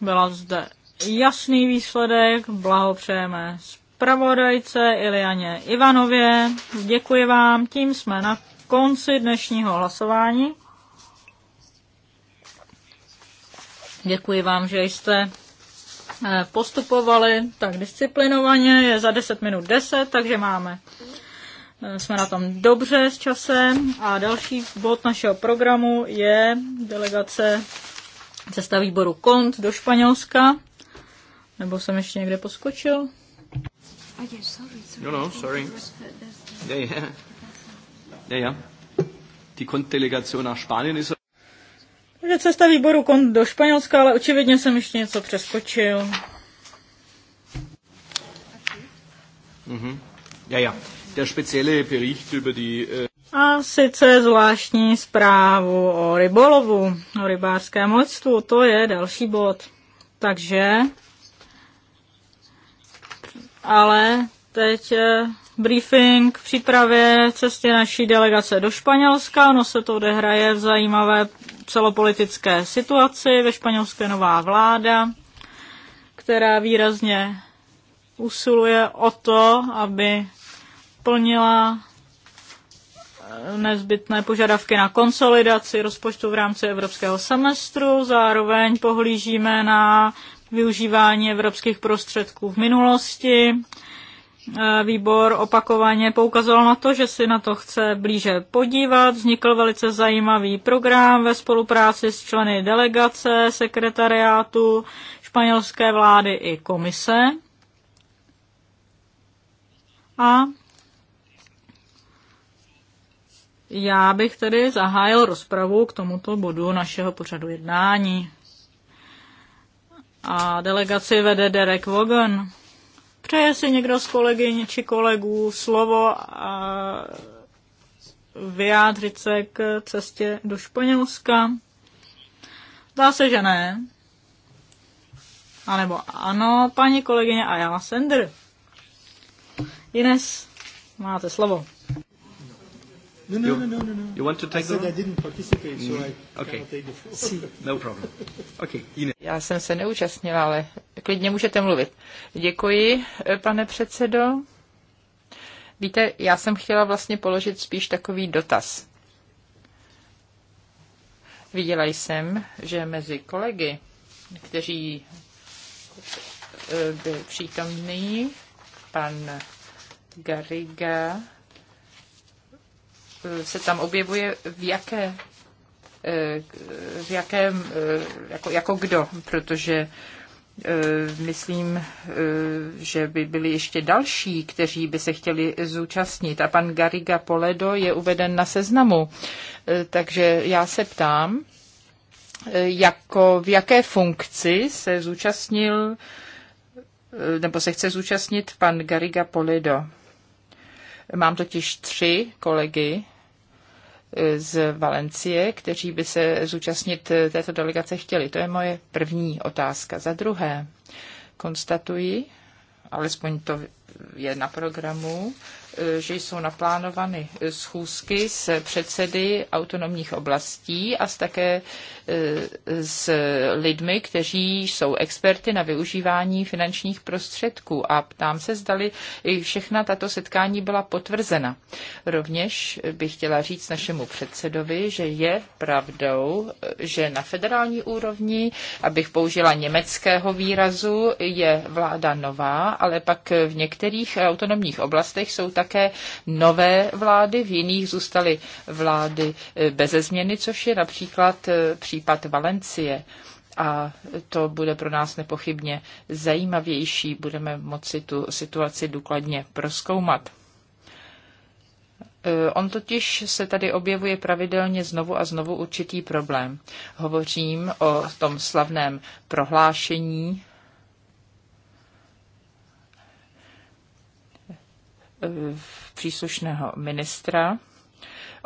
byla zde jasný výsledek. Blahopřejeme zpravodajce Ilianě Ivanově. Děkuji vám, tím jsme na konci dnešního hlasování. Děkuji vám, že jste eh, postupovali tak disciplinovaně. Je za 10 minut 10, takže máme. Eh, jsme na tom dobře s časem a další bod našeho programu je delegace cesta výboru KONT do Španělska. Nebo jsem ještě někde poskočil? No, no, sorry. Yeah, yeah. Ja, ja. Die kont nach Spanien ist... Takže cesta výboru kont do Španělska, ale očividně jsem ještě něco přeskočil. Mhm. Ja, ja. Der spezielle Bericht über die... Äh... A sice zvláštní zprávu o rybolovu, o rybářském loďstvu, to je další bod. Takže, ale teď eh, briefing k přípravě cestě naší delegace do Španělska. Ono se to odehraje v zajímavé celopolitické situaci. Ve Španělské nová vláda, která výrazně usiluje o to, aby plnila eh, nezbytné požadavky na konsolidaci rozpočtu v rámci evropského semestru. Zároveň pohlížíme na využívání evropských prostředků v minulosti E, výbor opakovaně poukazoval na to, že si na to chce blíže podívat. Vznikl velice zajímavý program ve spolupráci s členy delegace, sekretariátu, španělské vlády i komise. A já bych tedy zahájil rozpravu k tomuto bodu našeho pořadu jednání. A delegaci vede Derek Vogan. Přeje si někdo z kolegyň či kolegů slovo a vyjádřit se k cestě do Španělska? Zdá se, že ne. A nebo ano, paní kolegyně a já, Sender. Ines, máte slovo. No, no, you, no, no, no, no. You want to take I said I didn't participate, so mm-hmm. I okay. cannot take the floor. no problem. Okay, Ines. Já jsem se neúčastnila, ale klidně můžete mluvit. Děkuji, eh, pane předsedo. Víte, já jsem chtěla vlastně položit spíš takový dotaz. Viděla jsem, že mezi kolegy, kteří eh, byl přítomný, pan Gariga, Eh, se tam objevuje, v jaké eh, v jakém, eh, jako, jako kdo, protože myslím, že by byli ještě další, kteří by se chtěli zúčastnit. A pan Gariga Poledo je uveden na seznamu. Takže já se ptám, jako v jaké funkci se zúčastnil nebo se chce zúčastnit pan Gariga Poledo. Mám totiž tři kolegy, z Valencie, kteří by se zúčastnit této delegace chtěli? To je moje první otázka. Za druhé, konstatuji, alespoň to je na programu, e, že jsou naplánovány schůzky s předsedy autonomních oblastí a také e, s lidmi, kteří jsou experty na využívání finančních prostředků. A ptám se, zdali i všechna tato setkání byla potvrzena. Rovněž bych chtěla říct našemu předsedovi, že je pravdou, že na federální úrovni, abych použila německého výrazu, je vláda nová, ale pak v některých některých eh, autonomních oblastech jsou také nové vlády, v jiných zůstaly vlády eh, beze změny, což je například eh, případ Valencie a to bude pro nás nepochybně zajímavější. Budeme moci tu situaci důkladně proskoumat. On totiž se tady objevuje pravidelně znovu a znovu určitý problém. Hovořím o tom slavném prohlášení příslušného ministra.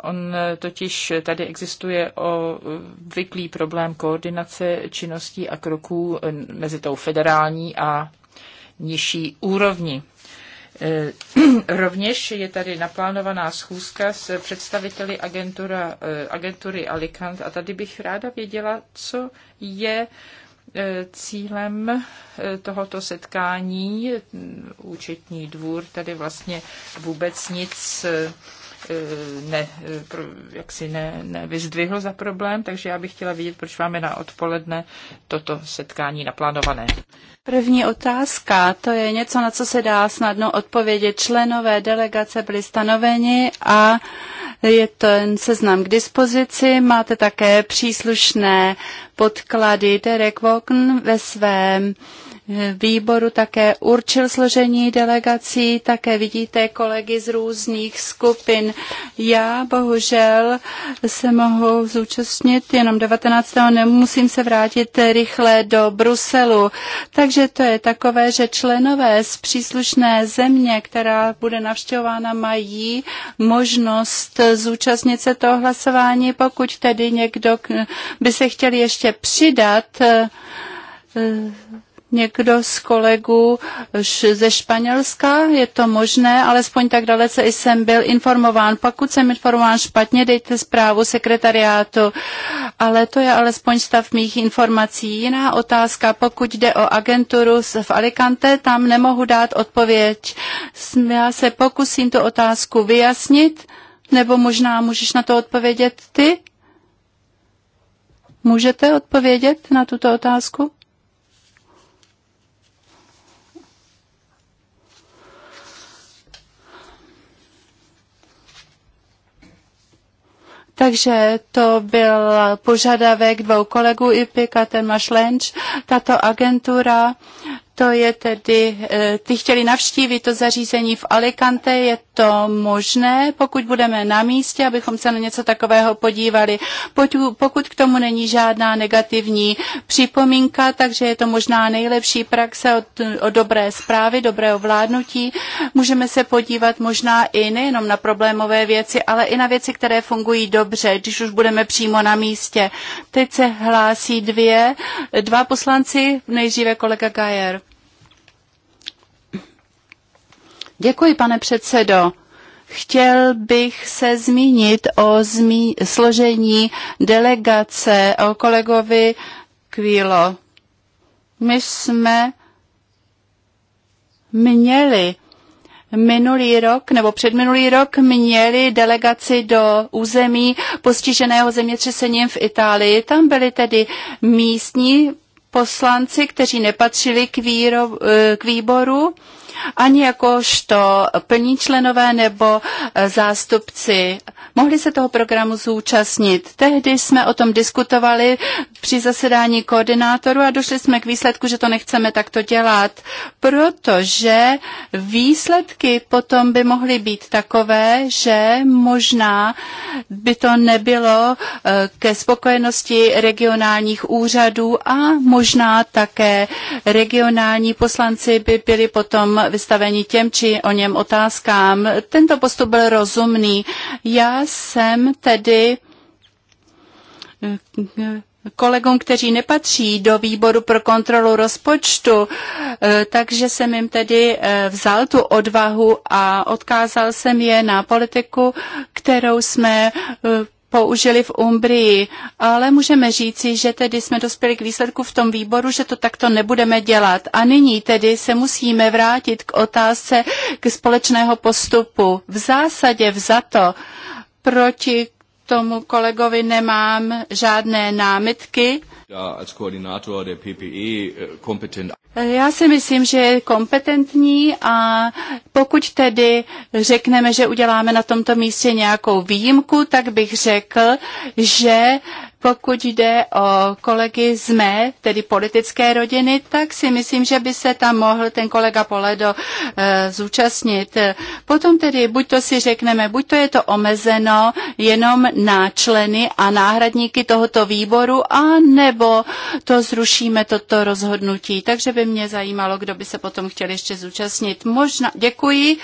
On totiž tady existuje o vyklý problém koordinace činností a kroků mezi tou federální a nižší úrovni. Eh, <clears throat> rovněž je tady naplánovaná schůzka s představiteli agentura, eh, agentury Alicant a tady bych ráda věděla, co je E, cílem e, tohoto setkání e, účetní dvůr tedy vlastně vůbec nic Eh, ne, eh, jak si ne, nevyzdvihl za problém, takže já bych chtěla vidět, proč máme na odpoledne toto setkání naplánované. První otázka, to je něco, na co se dá snadno odpovědět. Členové delegace byly stanoveni a je ten seznam k dispozici. Máte také příslušné podklady. Derek Walken ve svém výboru také určil složení delegací, také vidíte kolegy z různých skupin. Já bohužel se mohu zúčastnit jenom 19. nemusím se vrátit rychle do Bruselu. Takže to je takové, že členové z příslušné země, která bude navštěvována, mají možnost zúčastnit se toho hlasování, pokud tedy někdo by se chtěl ještě přidat, eh, někdo z kolegů ze Španělska, je to možné, alespoň tak dalece jsem byl informován. Pokud jsem informován špatně, dejte zprávu sekretariátu, ale to je alespoň stav mých informací. Jiná otázka, pokud jde o agenturu v Alicante, tam nemohu dát odpověď. Já se pokusím tu otázku vyjasnit, nebo možná můžeš na to odpovědět ty? Můžete odpovědět na tuto otázku? Takže to byl požadavek dvou kolegů IPIC a ten Mašlenč. Tato agentura to je tedy, eh, ty chtěli navštívit to zařízení v Alicante, je to možné, pokud budeme na místě, abychom se na něco takového podívali. Pokud k tomu není žádná negativní připomínka, takže je to možná nejlepší praxe o, o dobré zprávy, dobrého vládnutí. Můžeme se podívat možná i nejenom na problémové věci, ale i na věci, které fungují dobře, když už budeme přímo na místě. Teď se hlásí dvě, dva poslanci, nejdříve kolega Gajer. Děkuji, pane předsedo. Chtěl bych se zmínit o zmí- složení delegace, o kolegovi Kvílo. My jsme měli minulý rok nebo předminulý rok měli delegaci do území postiženého zemětřesením v Itálii. Tam byli tedy místní poslanci, kteří nepatřili k, výro, eh, k výboru ani jakožto plní členové nebo eh, zástupci mohli se toho programu zúčastnit. Tehdy jsme o tom diskutovali při zasedání koordinátoru a došli jsme k výsledku, že to nechceme takto dělat, protože výsledky potom by mohly být takové, že možná by to nebylo eh, ke spokojenosti regionálních úřadů a možná také regionální poslanci by byli potom vystaveni těm či o něm otázkám. Tento postup byl rozumný. Já jsem tedy eh, kolegům, kteří nepatří do výboru pro kontrolu rozpočtu, eh, takže jsem jim tedy eh, vzal tu odvahu a odkázal jsem je na politiku, kterou jsme použili v Umbrii, ale můžeme říci, že tedy jsme dospěli k výsledku v tom výboru, že to takto nebudeme dělat. A nyní tedy se musíme vrátit k otázce k společného postupu. V zásadě vzato Proti tomu kolegovi nemám žádné námitky. E, äh, Já si myslím, že je kompetentní a pokud tedy řekneme, že uděláme na tomto místě nějakou výjimku, tak bych řekl, že pokud jde o kolegy z mé, tedy politické rodiny, tak si myslím, že by se tam mohl ten kolega Poledo e, zúčastnit. Potom tedy buď to si řekneme, buď to je to omezeno jenom na členy a náhradníky tohoto výboru, a nebo to zrušíme toto rozhodnutí. Takže by mě zajímalo, kdo by se potom chtěl ještě zúčastnit. Možná, děkuji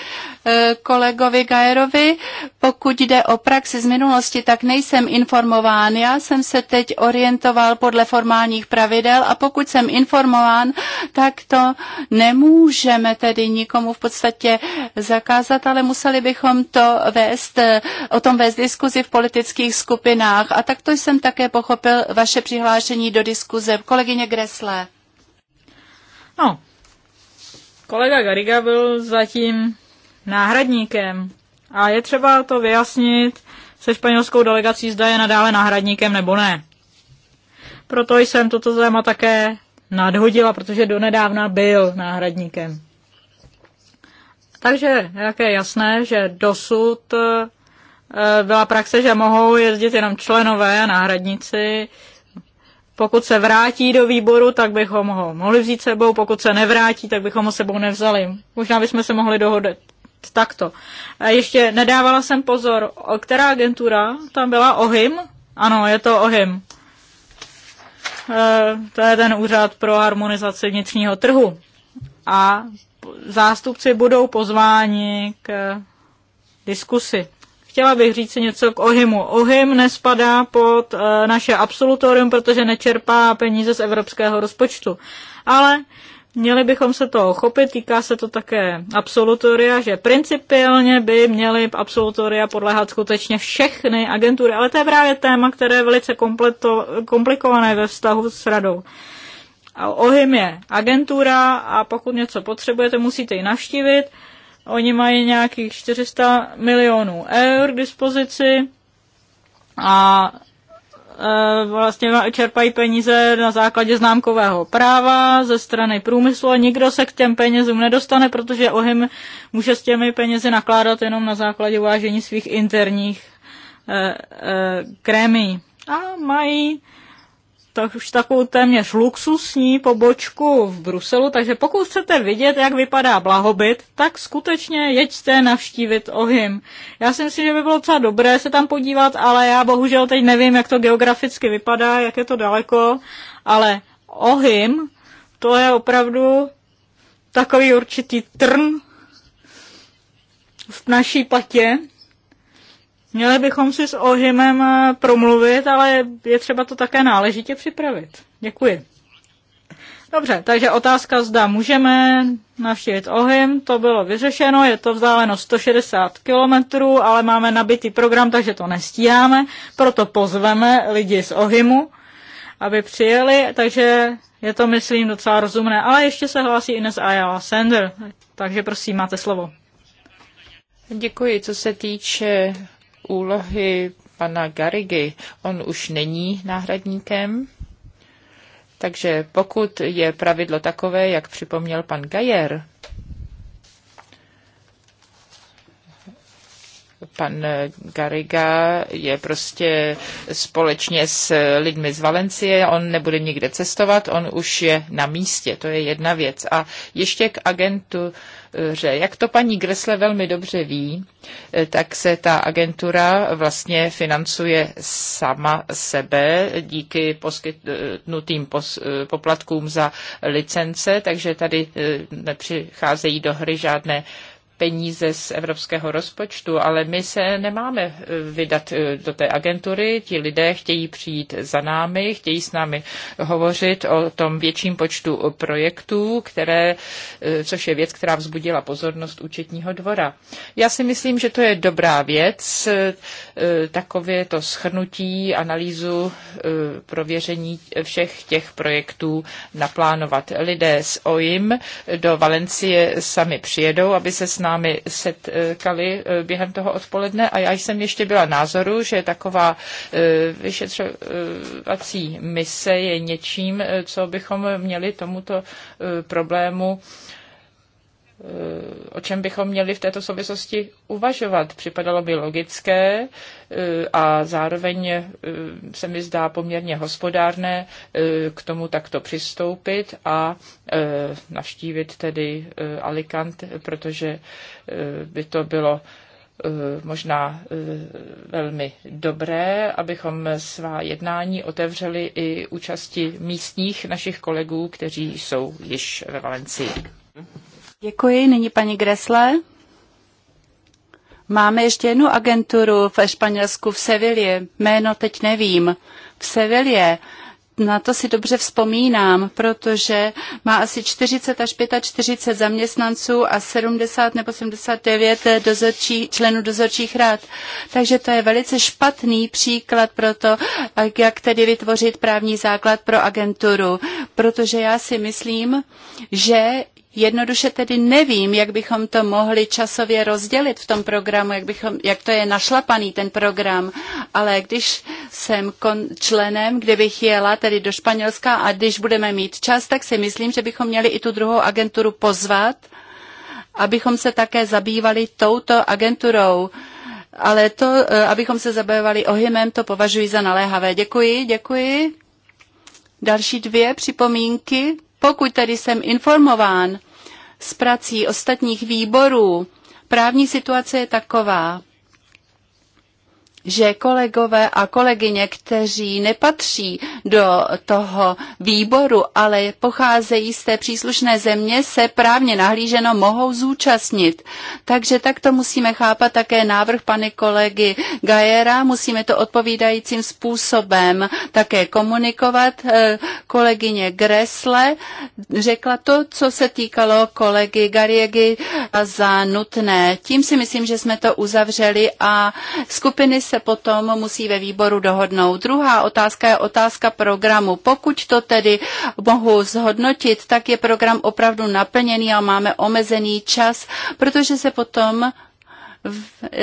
e, kolegovi Gajerovi. Pokud jde o praxi z minulosti, tak nejsem informován. Já jsem se teď orientoval podle formálních pravidel a pokud jsem informován, tak to nemůžeme tedy nikomu v podstatě zakázat, ale museli bychom to vést, o tom vést diskuzi v politických skupinách. A takto jsem také pochopil vaše přihlášení do diskuze. Kolegyně Gresle. No, kolega Gariga byl zatím náhradníkem a je třeba to vyjasnit se španělskou delegací, zda je nadále náhradníkem nebo ne. Proto jsem toto téma také nadhodila, protože donedávna byl náhradníkem. Takže jak je jasné, že dosud eh, byla praxe, že mohou jezdit jenom členové a náhradníci. Pokud se vrátí do výboru, tak bychom ho mohli vzít sebou, pokud se nevrátí, tak bychom ho sebou nevzali. Možná bychom se mohli dohodet, takto. A ještě nedávala jsem pozor, která agentura tam byla? OHIM? Ano, je to OHIM. E, to je ten úřad pro harmonizaci vnitřního trhu. A zástupci budou pozváni k diskusi. Chtěla bych říct si něco k OHIMu. OHIM nespadá pod e, naše absolutorium, protože nečerpá peníze z evropského rozpočtu. Ale Měli bychom se toho chopit, týká se to také absolutoria, že principiálně by měly absolutoria podléhat skutečně všechny agentury, ale to je právě téma, které je velice kompleto, komplikované ve vztahu s radou. A OHIM je agentura a pokud něco potřebujete, musíte ji navštívit. Oni mají nějakých 400 milionů eur k dispozici a Eh, vlastně čerpají peníze na základě známkového práva ze strany průmyslu a nikdo se k těm penězům nedostane, protože OHIM může s těmi penězi nakládat jenom na základě uvážení svých interních eh, eh, krémí. A mají tak už takovou téměř luxusní pobočku v Bruselu, takže pokud chcete vidět, jak vypadá blahobyt, tak skutečně jeďte navštívit Ohym. Já si myslím, že by bylo docela dobré se tam podívat, ale já bohužel teď nevím, jak to geograficky vypadá, jak je to daleko, ale Ohym, to je opravdu takový určitý trn v naší patě, Měli bychom si s Ohymem eh, promluvit, ale je třeba to také náležitě připravit. Děkuji. Dobře, takže otázka zda můžeme navštívit Ohym, to bylo vyřešeno, je to vzdáleno 160 kilometrů, ale máme nabitý program, takže to nestíháme, proto pozveme lidi z Ohymu, aby přijeli, takže je to, myslím, docela rozumné. Ale ještě se hlásí Ines Ayala Sender, takže prosím, máte slovo. Děkuji. Co se týče úlohy pana Garigy. On už není náhradníkem, takže pokud je pravidlo takové, jak připomněl pan Gajer, Pan Gariga je prostě společně s lidmi z Valencie, on nebude nikde cestovat, on už je na místě, to je jedna věc. A ještě k agentu že jak to paní Gresle velmi dobře ví, tak se ta agentura vlastně financuje sama sebe díky poskytnutým poplatkům za licence, takže tady eh, nepřicházejí do hry žádné peníze z evropského rozpočtu, ale my se nemáme eh, vydat eh, do té agentury. Ti lidé chtějí přijít za námi, chtějí s námi hovořit o tom větším počtu projektů, které, eh, což je věc, která vzbudila pozornost účetního dvora. Já si myslím, že to je dobrá věc, takové to schrnutí, analýzu prověření všech těch projektů naplánovat. Lidé s OIM do Valencie sami přijedou, aby se s námi námi setkali eh, během toho odpoledne a já jsem ještě byla názoru, že taková eh, vyšetřovací mise je něčím, eh, co bychom měli tomuto problému o čem bychom měli v této souvislosti uvažovat. Připadalo by logické eh, a zároveň eh, se mi zdá poměrně hospodárné eh, k tomu takto přistoupit a navštívit tedy Alicant, protože by to bylo možná velmi dobré, abychom svá jednání otevřeli i účasti místních našich kolegů, kteří jsou již ve Valencii. Děkuji. Nyní paní Gresle. Máme ještě jednu agenturu ve Španělsku v Sevilě. Jméno teď nevím. V Sevilě. na to si dobře vzpomínám, protože má asi 40 až 45 zaměstnanců a 70 nebo 79 dozorčí, členů dozorčích rad. Takže to je velice špatný příklad pro to, jak tedy vytvořit právní základ pro agenturu. Protože já si myslím, že Jednoduše tedy nevím, jak bychom to mohli časově rozdělit v tom programu, jak, bychom, jak to je našlapaný ten program, ale když jsem kon, členem, bych jela tedy do Španělska a když budeme mít čas, tak si myslím, že bychom měli i tu druhou agenturu pozvat, abychom se také zabývali touto agenturou. Ale to, eh, abychom se zabývali ohymem, to považuji za naléhavé. Děkuji, děkuji. Další dvě připomínky. Pokud tedy jsem informován, s prací ostatních výborů. Právní situace je taková, že kolegové a kolegyně, kteří nepatří do toho výboru, ale pocházejí z té příslušné země, se právně nahlíženo mohou zúčastnit. Takže tak to musíme chápat také návrh pany kolegy Gajera. Musíme to odpovídajícím způsobem také komunikovat. Eh, kolegyně Gresle řekla to, co se týkalo kolegy Gariegy za nutné. Tím si myslím, že jsme to uzavřeli a skupiny se se potom musí ve výboru dohodnout. Druhá otázka je otázka programu. Pokud to tedy mohu zhodnotit, tak je program opravdu naplněný a máme omezený čas, protože se potom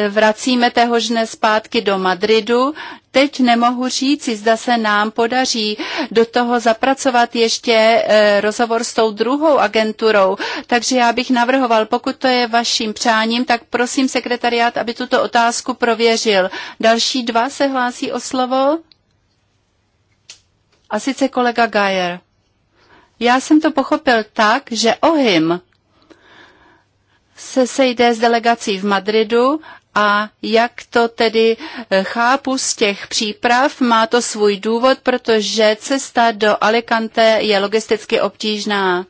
vracíme téhož dne zpátky do Madridu. Teď nemohu říci, zda se nám podaří do toho zapracovat ještě eh, rozhovor s tou druhou agenturou. Takže já bych navrhoval, pokud to je vaším přáním, tak prosím sekretariát, aby tuto otázku prověřil. Další dva se hlásí o slovo. A sice kolega Geyer. Já jsem to pochopil tak, že OHIM se sejde s delegací v Madridu a jak to tedy eh, chápu z těch příprav, má to svůj důvod, protože cesta do Alicante je logisticky obtížná.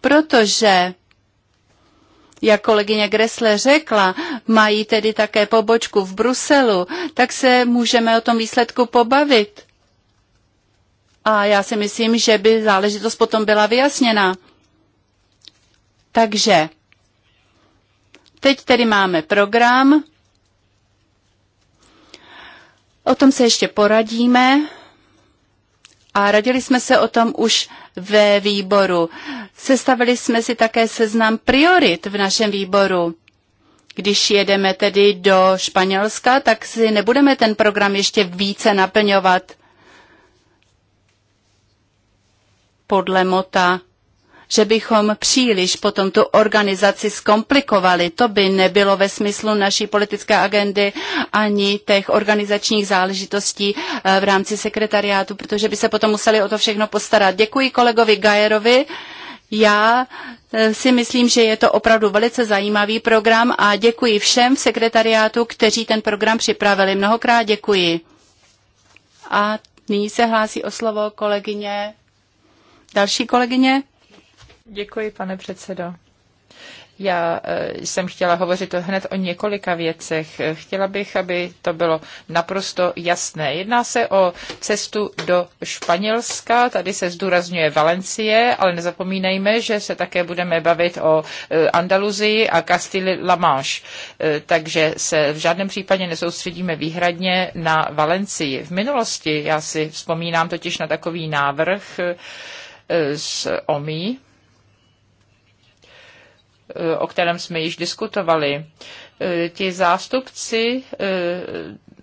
Protože jak kolegyně Gressle řekla, mají tedy také pobočku v Bruselu, tak se můžeme o tom výsledku pobavit. A já si myslím, že by záležitost potom byla vyjasněna. Takže Teď tedy máme program. O tom se ještě poradíme. A radili jsme se o tom už ve výboru. Sestavili jsme si také seznam priorit v našem výboru. Když jedeme tedy do Španělska, tak si nebudeme ten program ještě více naplňovat podle mota že bychom příliš potom tu organizaci zkomplikovali. To by nebylo ve smyslu naší politické agendy ani těch organizačních záležitostí eh, v rámci sekretariátu, protože by se potom museli o to všechno postarat. Děkuji kolegovi Gajerovi. Já eh, si myslím, že je to opravdu velice zajímavý program a děkuji všem v sekretariátu, kteří ten program připravili. Mnohokrát děkuji. A nyní se hlásí o slovo kolegyně. Další kolegyně? Děkuji, pane předsedo. Já eh, jsem chtěla hovořit hned o několika věcech. Chtěla bych, aby to bylo naprosto jasné. Jedná se o cestu do Španělska, tady se zdůrazňuje Valencie, ale nezapomínejme, že se také budeme bavit o eh, Andaluzii a Castile La Manche. Eh, takže se v žádném případě nesoustředíme výhradně na Valencii. V minulosti, já si vzpomínám totiž na takový návrh z OMI, Eh, o kterém jsme již diskutovali. Eh, ti zástupci eh,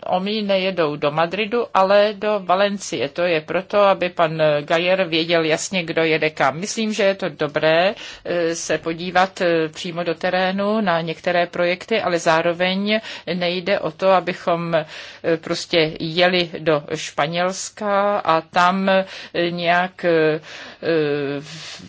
OMI nejedou do Madridu, ale do Valencie. To je proto, aby pan Gajer věděl jasně, kdo jede kam. Myslím, že je to dobré se podívat přímo do terénu na některé projekty, ale zároveň nejde o to, abychom prostě jeli do Španělska a tam nějak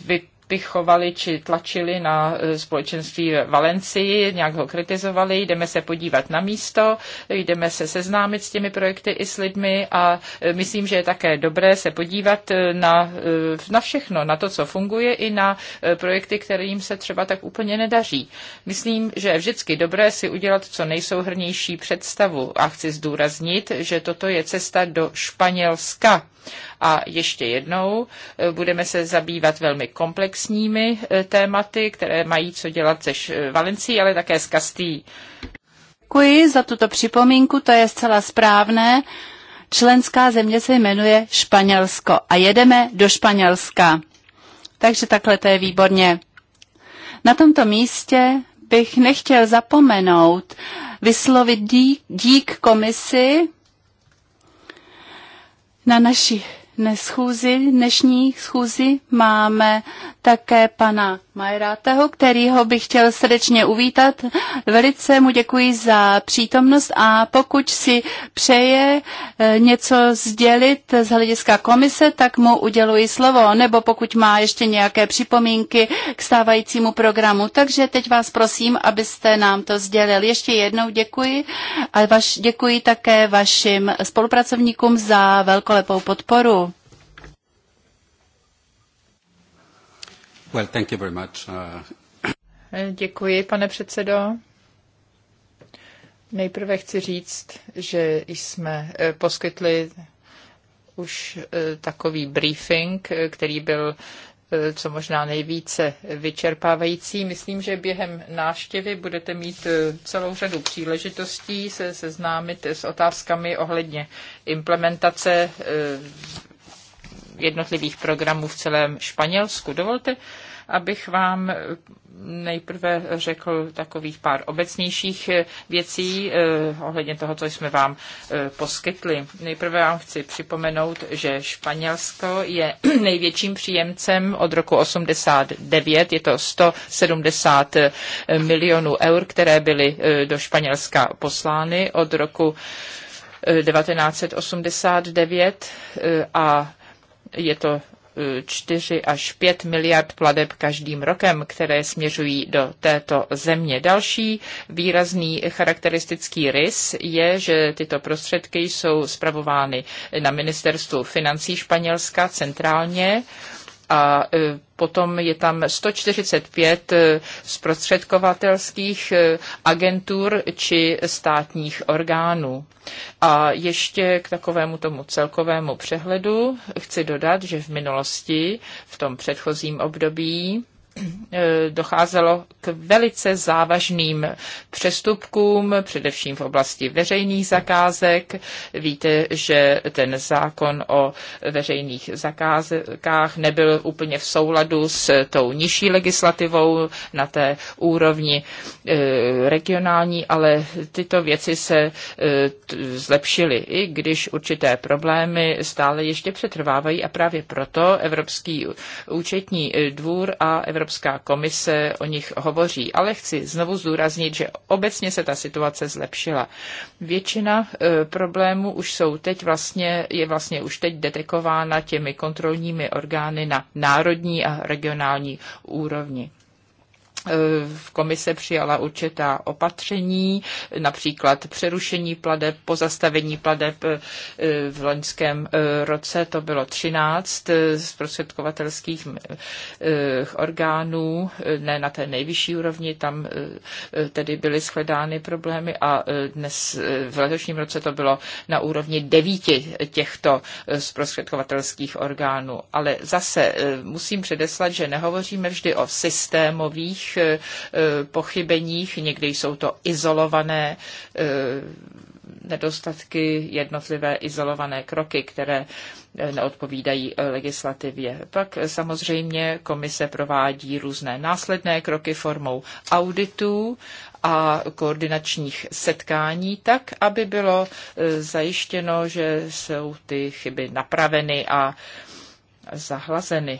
vypadali vypichovali či tlačili na e, společenství ve Valencii, nějak ho kritizovali, jdeme se podívat na místo, jdeme se seznámit s těmi projekty i s lidmi a e, myslím, že je také dobré se podívat e, na, na všechno, na to, co funguje i na projekty, kterým se třeba tak úplně nedaří. Myslím, že je vždycky dobré si udělat co nejsouhrnější představu a chci zdůraznit, že toto je cesta do Španělska a ještě jednou eh, budeme se zabývat velmi komplexními eh, tématy, které mají co dělat se eh, Valencí, ale také s Kastý. Děkuji za tuto připomínku, to je zcela správné. Členská země se jmenuje Španělsko a jedeme do Španělska. Takže takhle to je výborně. Na tomto místě bych nechtěl zapomenout vyslovit dík, dík komisi na naší schůzi, dnešní schůzi máme také pana Majráteho, kterýho bych chtěl srdečně uvítat. Velice mu děkuji za přítomnost a pokud si přeje eh, něco sdělit z hlediska komise, tak mu uděluji slovo, nebo pokud má ještě nějaké připomínky k stávajícímu programu. Takže teď vás prosím, abyste nám to sdělil. Ještě jednou děkuji a vaš, děkuji také vašim spolupracovníkům za velkolepou podporu. Well, thank you very much. Uh, Děkuji, pane předsedo. Nejprve chci říct, že jsme eh, poskytli už eh, takový briefing, eh, který byl co možná nejvíce vyčerpávající. Myslím, že během návštěvy budete mít celou řadu příležitostí se seznámit s otázkami ohledně implementace jednotlivých programů v celém Španělsku. Dovolte, abych vám nejprve řekl takových pár obecnějších eh, věcí eh, ohledně toho, co jsme vám eh, poskytli. Nejprve vám chci připomenout, že Španělsko je <clears throat> největším příjemcem od roku 89. Je to 170 milionů eur, které byly do Španělska poslány od roku 1989 a je to 4 e, až 5 miliard pladeb každým rokem, které směřují do této země. Další výrazný charakteristický rys je, že tyto prostředky jsou spravovány na ministerstvu financí Španělska centrálně a e, potom je tam 145 e, zprostředkovatelských e, agentur či státních orgánů. A ještě k takovému tomu celkovému přehledu chci dodat, že v minulosti, v tom předchozím období, Eh, docházelo k velice závažným přestupkům, především v oblasti veřejných zakázek. Víte, že ten zákon o veřejných zakázkách nebyl úplně v souladu s tou nižší legislativou na té úrovni eh, regionální, ale tyto věci se eh, zlepšily, i když určité problémy stále ještě přetrvávají a právě proto Evropský účetní dvůr a Evropský Evropská komise o nich hovoří. Ale chci znovu zdůraznit, že obecně se ta situace zlepšila. Většina e, problémů už jsou teď vlastně, je vlastně už teď detekována těmi kontrolními orgány na národní a regionální úrovni v eh, komise přijala určitá opatření, například přerušení pladeb, pozastavení pladeb eh, v loňském eh, roce, to bylo 13 zprostředkovatelských orgánů, ne na té nejvyšší úrovni, tam tedy byly shledány problémy a dnes v letošním roce to bylo na úrovni devíti těchto zprostředkovatelských orgánů. Ale zase musím předeslat, že nehovoříme vždy o systémových Eh, pochybeních, někdy jsou to izolované eh, nedostatky, jednotlivé izolované kroky, které eh, neodpovídají legislativě. Pak samozřejmě komise provádí různé následné kroky formou auditů a koordinačních setkání tak, aby bylo zajištěno, že jsou ty chyby napraveny a zahlazeny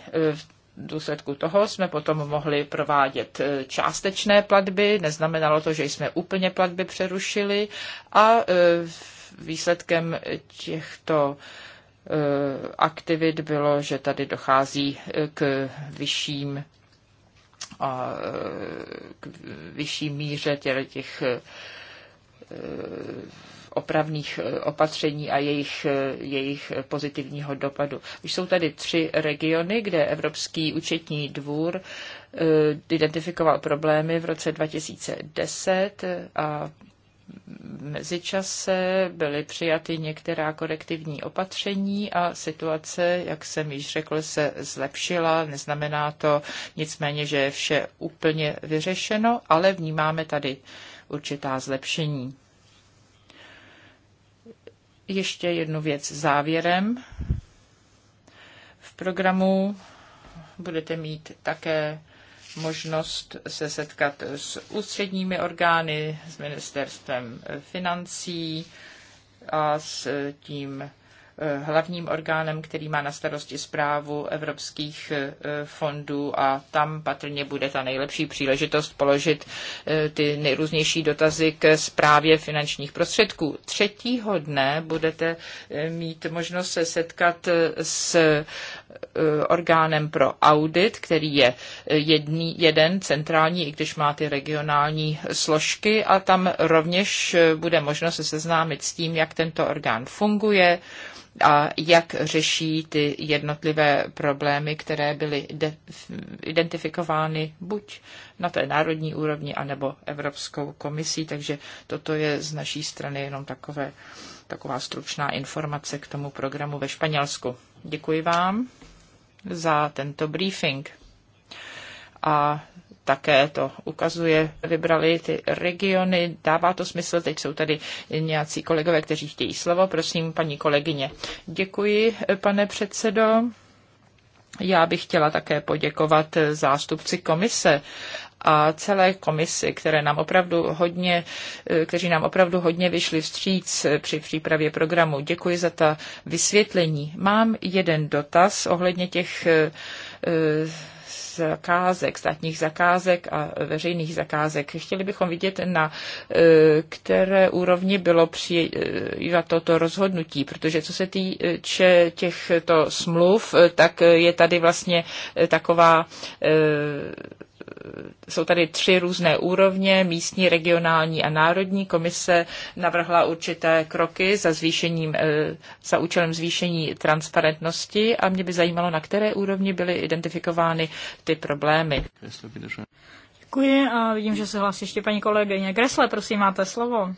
důsledku toho jsme potom mohli provádět eh, částečné platby, neznamenalo to, že jsme úplně platby přerušili a eh, výsledkem těchto eh, aktivit bylo, že tady dochází k vyšším a k vyšší míře těch, těch opravných eh, opatření a jejich, eh, jejich pozitivního dopadu. Už jsou tady tři regiony, kde Evropský účetní dvůr eh, identifikoval problémy v roce 2010 a mezičase byly přijaty některá korektivní opatření a situace, jak jsem již řekl, se zlepšila. Neznamená to nicméně, že je vše úplně vyřešeno, ale vnímáme tady určitá zlepšení ještě jednu věc závěrem. V programu budete mít také možnost se setkat s ústředními orgány, s ministerstvem financí a s tím Eh, hlavním orgánem, který má na starosti zprávu evropských eh, fondů a tam patrně bude ta nejlepší příležitost položit eh, ty nejrůznější dotazy k zprávě finančních prostředků. Třetího dne budete mít možnost se setkat s orgánem pro audit, který je jedný, jeden centrální, i když má ty regionální složky a tam rovněž bude možnost se seznámit s tím, jak tento orgán funguje, a jak řeší ty jednotlivé problémy, které byly identifikovány buď na té národní úrovni, anebo Evropskou komisí. Takže toto je z naší strany jenom takové, taková stručná informace k tomu programu ve Španělsku. Děkuji vám za tento briefing. A také to ukazuje, vybrali ty regiony, dává to smysl, teď jsou tady nějací kolegové, kteří chtějí slovo, prosím, paní kolegyně. Děkuji, pane předsedo. Já bych chtěla také poděkovat zástupci komise a celé komisi, které nám opravdu hodně, kteří nám opravdu hodně vyšli vstříc při přípravě programu. Děkuji za ta vysvětlení. Mám jeden dotaz ohledně těch eh, zakázek, státních zakázek a veřejných zakázek. Chtěli bychom vidět, na eh, které úrovni bylo přijívat toto rozhodnutí, protože co se týče těchto smluv, eh, tak je tady vlastně eh, taková jsou tady tři různé úrovně, místní, regionální a národní. Komise navrhla určité kroky za, zvýšením, eh, za účelem zvýšení transparentnosti a mě by zajímalo, na které úrovni byly identifikovány ty problémy. Děkuji a vidím, že se hlásí ještě paní kolegyně. Gresle, prosím, máte slovo.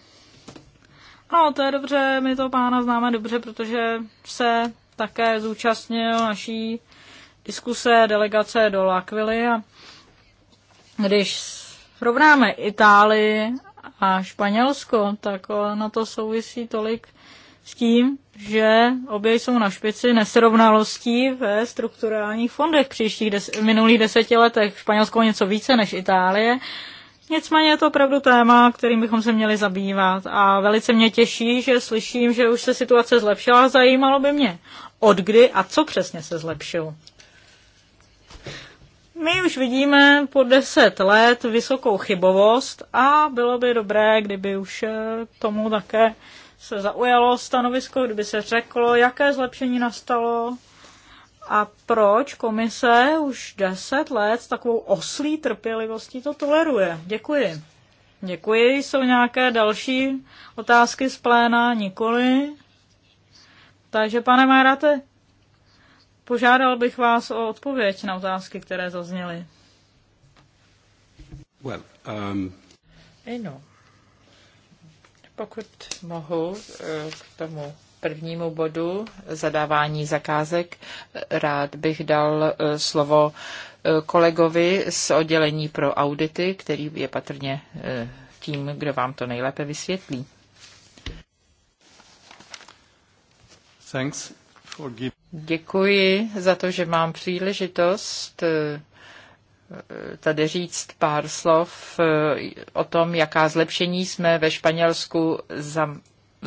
No, to je dobře, my to pána známe dobře, protože se také zúčastnil naší diskuse delegace do Lakvily a když srovnáme Itálii a Španělsko, tak na to souvisí tolik s tím, že obě jsou na špici nesrovnalostí ve strukturálních fondech příštích des- minulých deseti letech. Španělsko něco více než Itálie. Nicméně je to opravdu téma, kterým bychom se měli zabývat a velice mě těší, že slyším, že už se situace zlepšila. Zajímalo by mě, od kdy a co přesně se zlepšilo. My už vidíme po deset let vysokou chybovost a bylo by dobré, kdyby už eh, tomu také se zaujalo stanovisko, kdyby se řeklo, jaké zlepšení nastalo a proč komise už deset let s takovou oslí trpělivostí to toleruje. Děkuji. Děkuji. Jsou nějaké další otázky z pléna? Nikoli. Takže, pane Márate, Požádal bych vás o odpověď na otázky, které zazněly. Well, um... Ano. Eh, Pokud mohu eh, k tomu prvnímu bodu zadávání zakázek, eh, rád bych dal slovo kolegovi z oddělení pro audity, který je patrně tím, kdo vám to nejlépe vysvětlí. Thanks. Děkuji za to, že mám příležitost eh, tady říct pár slov eh, o tom, jaká zlepšení jsme ve Španělsku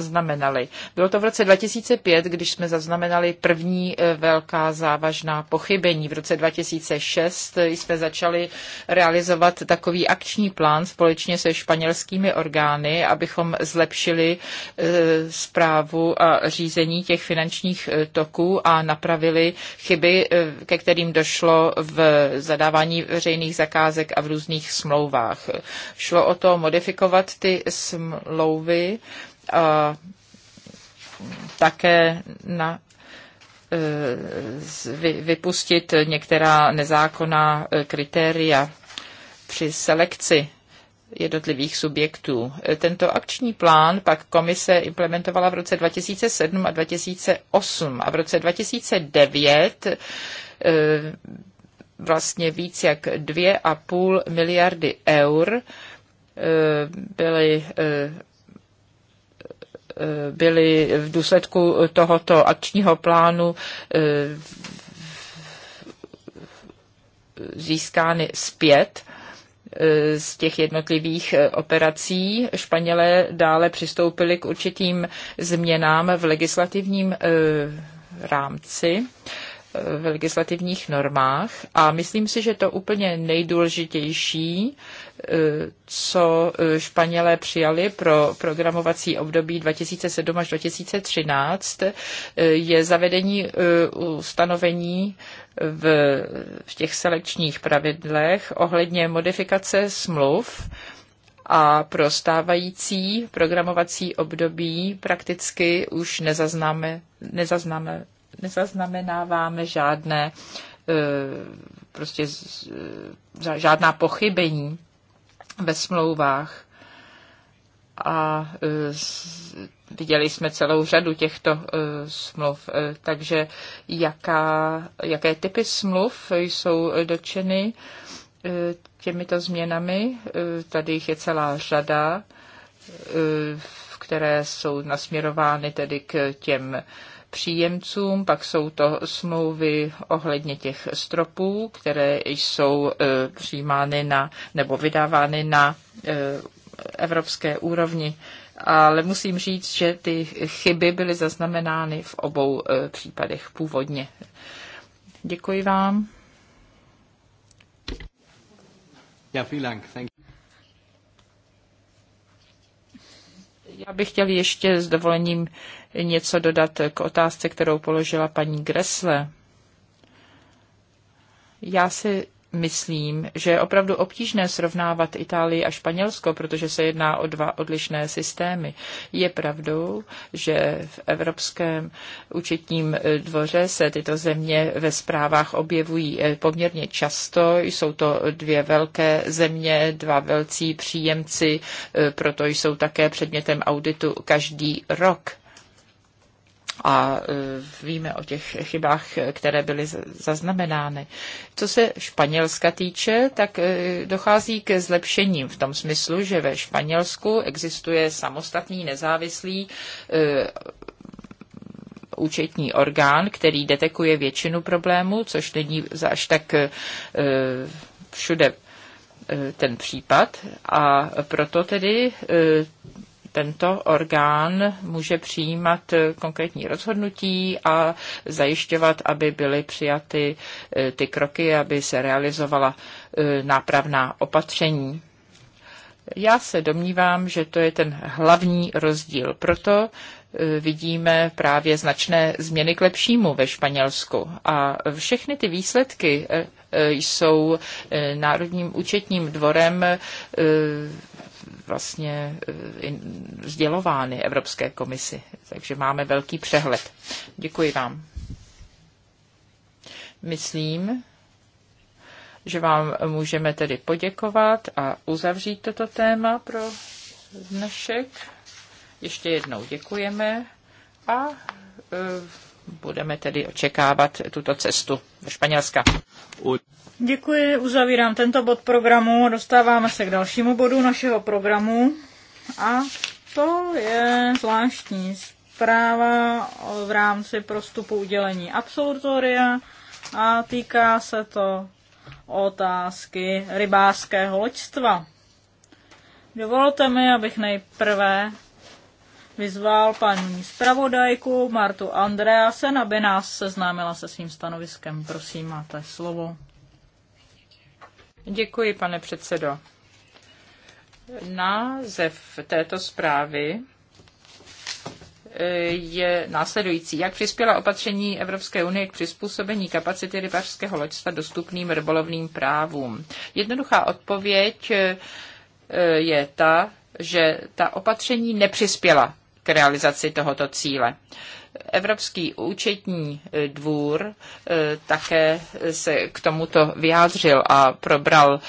zaznamenali. Bylo to v roce 2005, když jsme zaznamenali první e, velká závažná pochybení. V roce 2006 jsme začali realizovat takový akční plán společně se španělskými orgány, abychom zlepšili zprávu e, a řízení těch finančních e, toků a napravili chyby, ke kterým došlo v zadávání veřejných zakázek a v různých smlouvách. Šlo o to modifikovat ty smlouvy, a také na e, vypustit některá nezákonná e, kritéria při selekci jednotlivých subjektů. E, tento akční plán pak komise implementovala v roce 2007 a 2008 a v roce 2009 vlastně víc jak 2,5 miliardy eur byly byly v důsledku tohoto akčního plánu eh, získány zpět eh, z těch jednotlivých eh, operací. Španělé dále přistoupili k určitým změnám v legislativním rámci v legislativních normách a myslím si, že to úplně nejdůležitější, eh, co eh, Španělé přijali pro programovací období 2007 až 2013, eh, je zavedení ustanovení v, v těch selekčních pravidlech ohledně modifikace smluv a pro stávající programovací období prakticky už nezaznáme, nezaznáme nezaznamenáváme žádné e, prostě e, žádná pochybení ve smlouvách. A e, viděli jsme celou řadu těchto smluv. Takže jaká, jaké typy smluv jsou dotčeny těmito změnami? Tady jich je celá řada, které jsou nasměrovány tedy k těm příjemcům, pak jsou to smlouvy ohledně těch stropů, které jsou e, přijímány na, nebo vydávány na e, evropské úrovni. Ale musím říct, že ty chyby byly zaznamenány v obou e, případech původně. Děkuji vám. Ja, Já bych chtěl ještě s dovolením něco dodat k otázce, kterou položila paní Gresle. Já si myslím, že je opravdu obtížné srovnávat Itálii a Španělsko, protože se jedná o dva odlišné systémy. Je pravdou, že v Evropském účetním dvoře se tyto země ve zprávách objevují eh, poměrně často. Jsou to dvě velké země, dva velcí příjemci, eh, proto jsou také předmětem auditu každý rok a e, víme o těch chybách, které byly zaznamenány. Co se Španělska týče, tak e, dochází ke zlepšením v tom smyslu, že ve Španělsku existuje samostatný nezávislý e, účetní orgán, který detekuje většinu problémů, což není až tak všude ten případ a proto tedy tento orgán může přijímat konkrétní rozhodnutí a zajišťovat, aby byly přijaty eh, ty kroky, aby se realizovala eh, nápravná opatření. Já se domnívám, že to je ten hlavní rozdíl. Proto eh, vidíme právě značné změny k lepšímu ve Španělsku. A všechny ty výsledky jsou Národním účetním dvorem vlastně eh, sdělovány Evropské komisi. Takže máme velký přehled. Děkuji vám. Myslím, že vám můžeme tedy poděkovat a uzavřít toto téma pro dnešek. Ještě jednou děkujeme a eh, budeme tedy očekávat tuto cestu do Španělska. Děkuji, uzavírám tento bod programu. Dostáváme se k dalšímu bodu našeho programu. A to je zvláštní zpráva v rámci prostupu udělení absolutoria a týká se to otázky rybářského loďstva. Dovolte mi, abych nejprve vyzval paní zpravodajku Martu Andreasen, aby nás seznámila se svým stanoviskem. Prosím, máte slovo. Děkuji, pane předsedo. Název této zprávy eh, je následující. Jak přispěla opatření Evropské unie k přizpůsobení kapacity rybářského loďstva dostupným rybolovným právům? Jednoduchá odpověď eh, je ta, že ta opatření nepřispěla k realizaci tohoto cíle. Evropský účetní eh, dvůr eh, také eh, se k tomuto vyjádřil a probral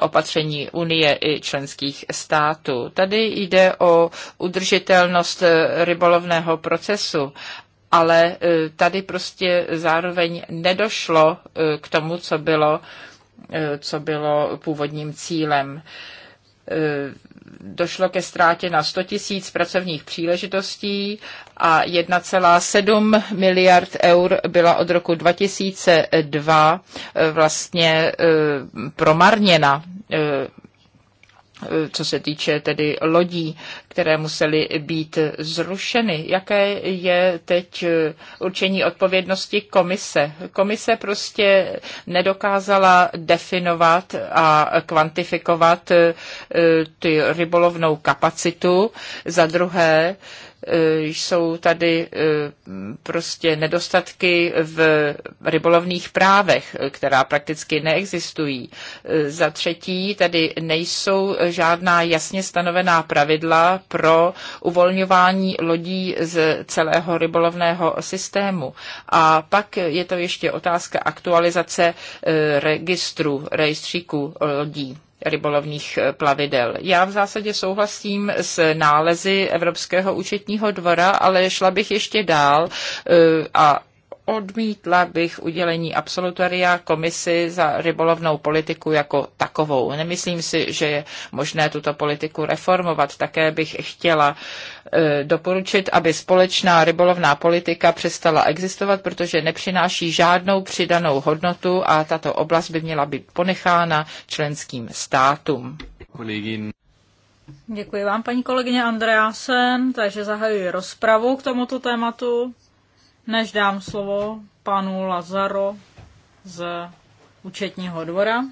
opatření Unie i členských států. Tady jde o udržitelnost rybolovného procesu ale tady prostě zároveň nedošlo k tomu, co bylo, co bylo původním cílem. Eh, došlo ke ztrátě na 100 tisíc pracovních příležitostí a 1,7 miliard eur byla od roku 2002 eh, vlastně eh, promarněna co se týče tedy lodí, které musely být zrušeny. Jaké je teď eh, určení odpovědnosti komise? Komise prostě nedokázala definovat a kvantifikovat eh, eh, ty rybolovnou kapacitu. Za druhé, E, jsou tady e, prostě nedostatky v rybolovných právech, e, která prakticky neexistují. Za třetí tady nejsou žádná jasně stanovená pravidla pro uvolňování lodí z celého rybolovného systému. A pak je to ještě otázka aktualizace registru, rejstříku lodí rybolovných eh, plavidel. Já v zásadě souhlasím s nálezy Evropského účetního dvora, ale šla bych ještě dál eh, a odmítla bych udělení absolutoria komisi za rybolovnou politiku jako takovou. Nemyslím si, že je možné tuto politiku reformovat. Také bych chtěla eh, doporučit, aby společná rybolovná politika přestala existovat, protože nepřináší žádnou přidanou hodnotu a tato oblast by měla být ponechána členským státům. Kolegin. Děkuji vám, paní kolegyně Andreasen, takže zahajuji rozpravu k tomuto tématu. Než dám slovo panu Lazaro z účetního dvora,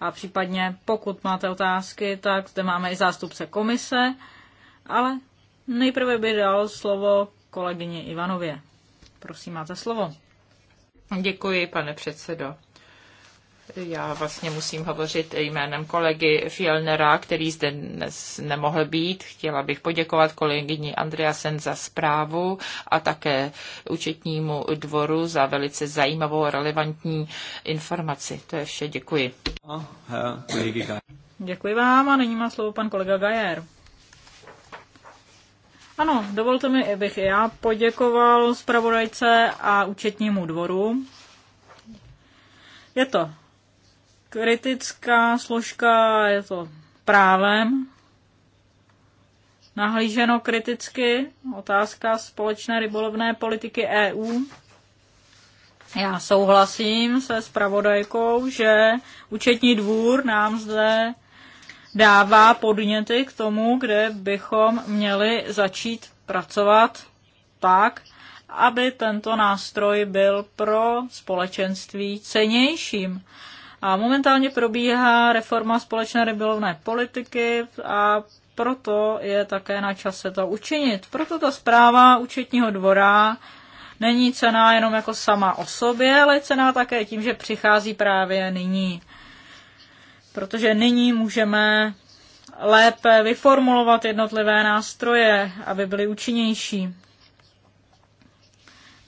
a případně pokud máte otázky, tak zde máme i zástupce komise, ale nejprve bych dal slovo kolegyni Ivanově. Prosím, máte slovo. Děkuji, pane předsedo. Já vlastně musím hovořit jménem kolegy Fielnera, který zde dnes nemohl být. Chtěla bych poděkovat kolegyni Andreasen za zprávu a také účetnímu dvoru za velice zajímavou a relevantní informaci. To je vše, děkuji. Děkuji vám a nyní má slovo pan kolega Gajer. Ano, dovolte mi, abych já poděkoval zpravodajce a účetnímu dvoru. Je to kritická složka, je to právem nahlíženo kriticky, otázka společné rybolovné politiky EU. Já souhlasím se spravodajkou, že účetní dvůr nám zde dává podněty k tomu, kde bychom měli začít pracovat tak, aby tento nástroj byl pro společenství cenějším. A momentálně probíhá reforma společné rybolovné politiky a proto je také na čase to učinit. Proto ta zpráva účetního dvora není cená jenom jako sama o sobě, ale je cená také tím, že přichází právě nyní. Protože nyní můžeme lépe vyformulovat jednotlivé nástroje, aby byly účinnější.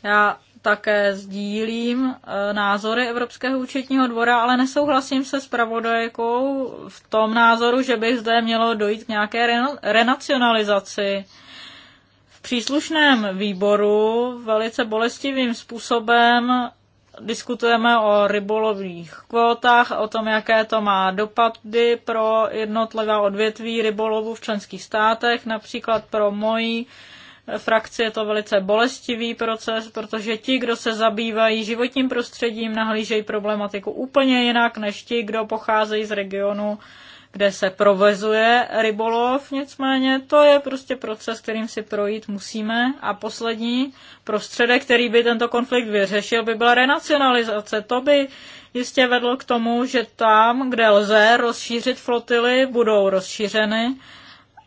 Já také sdílím e, názory Evropského účetního dvora, ale nesouhlasím se s pravodajkou v tom názoru, že by zde mělo dojít k nějaké renacionalizaci. V příslušném výboru velice bolestivým způsobem diskutujeme o rybolovných kvótách, o tom, jaké to má dopady pro jednotlivá odvětví rybolovu v členských státech, například pro moji frakci je to velice bolestivý proces, protože ti, kdo se zabývají životním prostředím, nahlížejí problematiku úplně jinak než ti, kdo pocházejí z regionu, kde se provezuje rybolov. Nicméně to je prostě proces, kterým si projít musíme. A poslední prostředek, který by tento konflikt vyřešil, by byla renacionalizace. To by jistě vedlo k tomu, že tam, kde lze rozšířit flotily, budou rozšířeny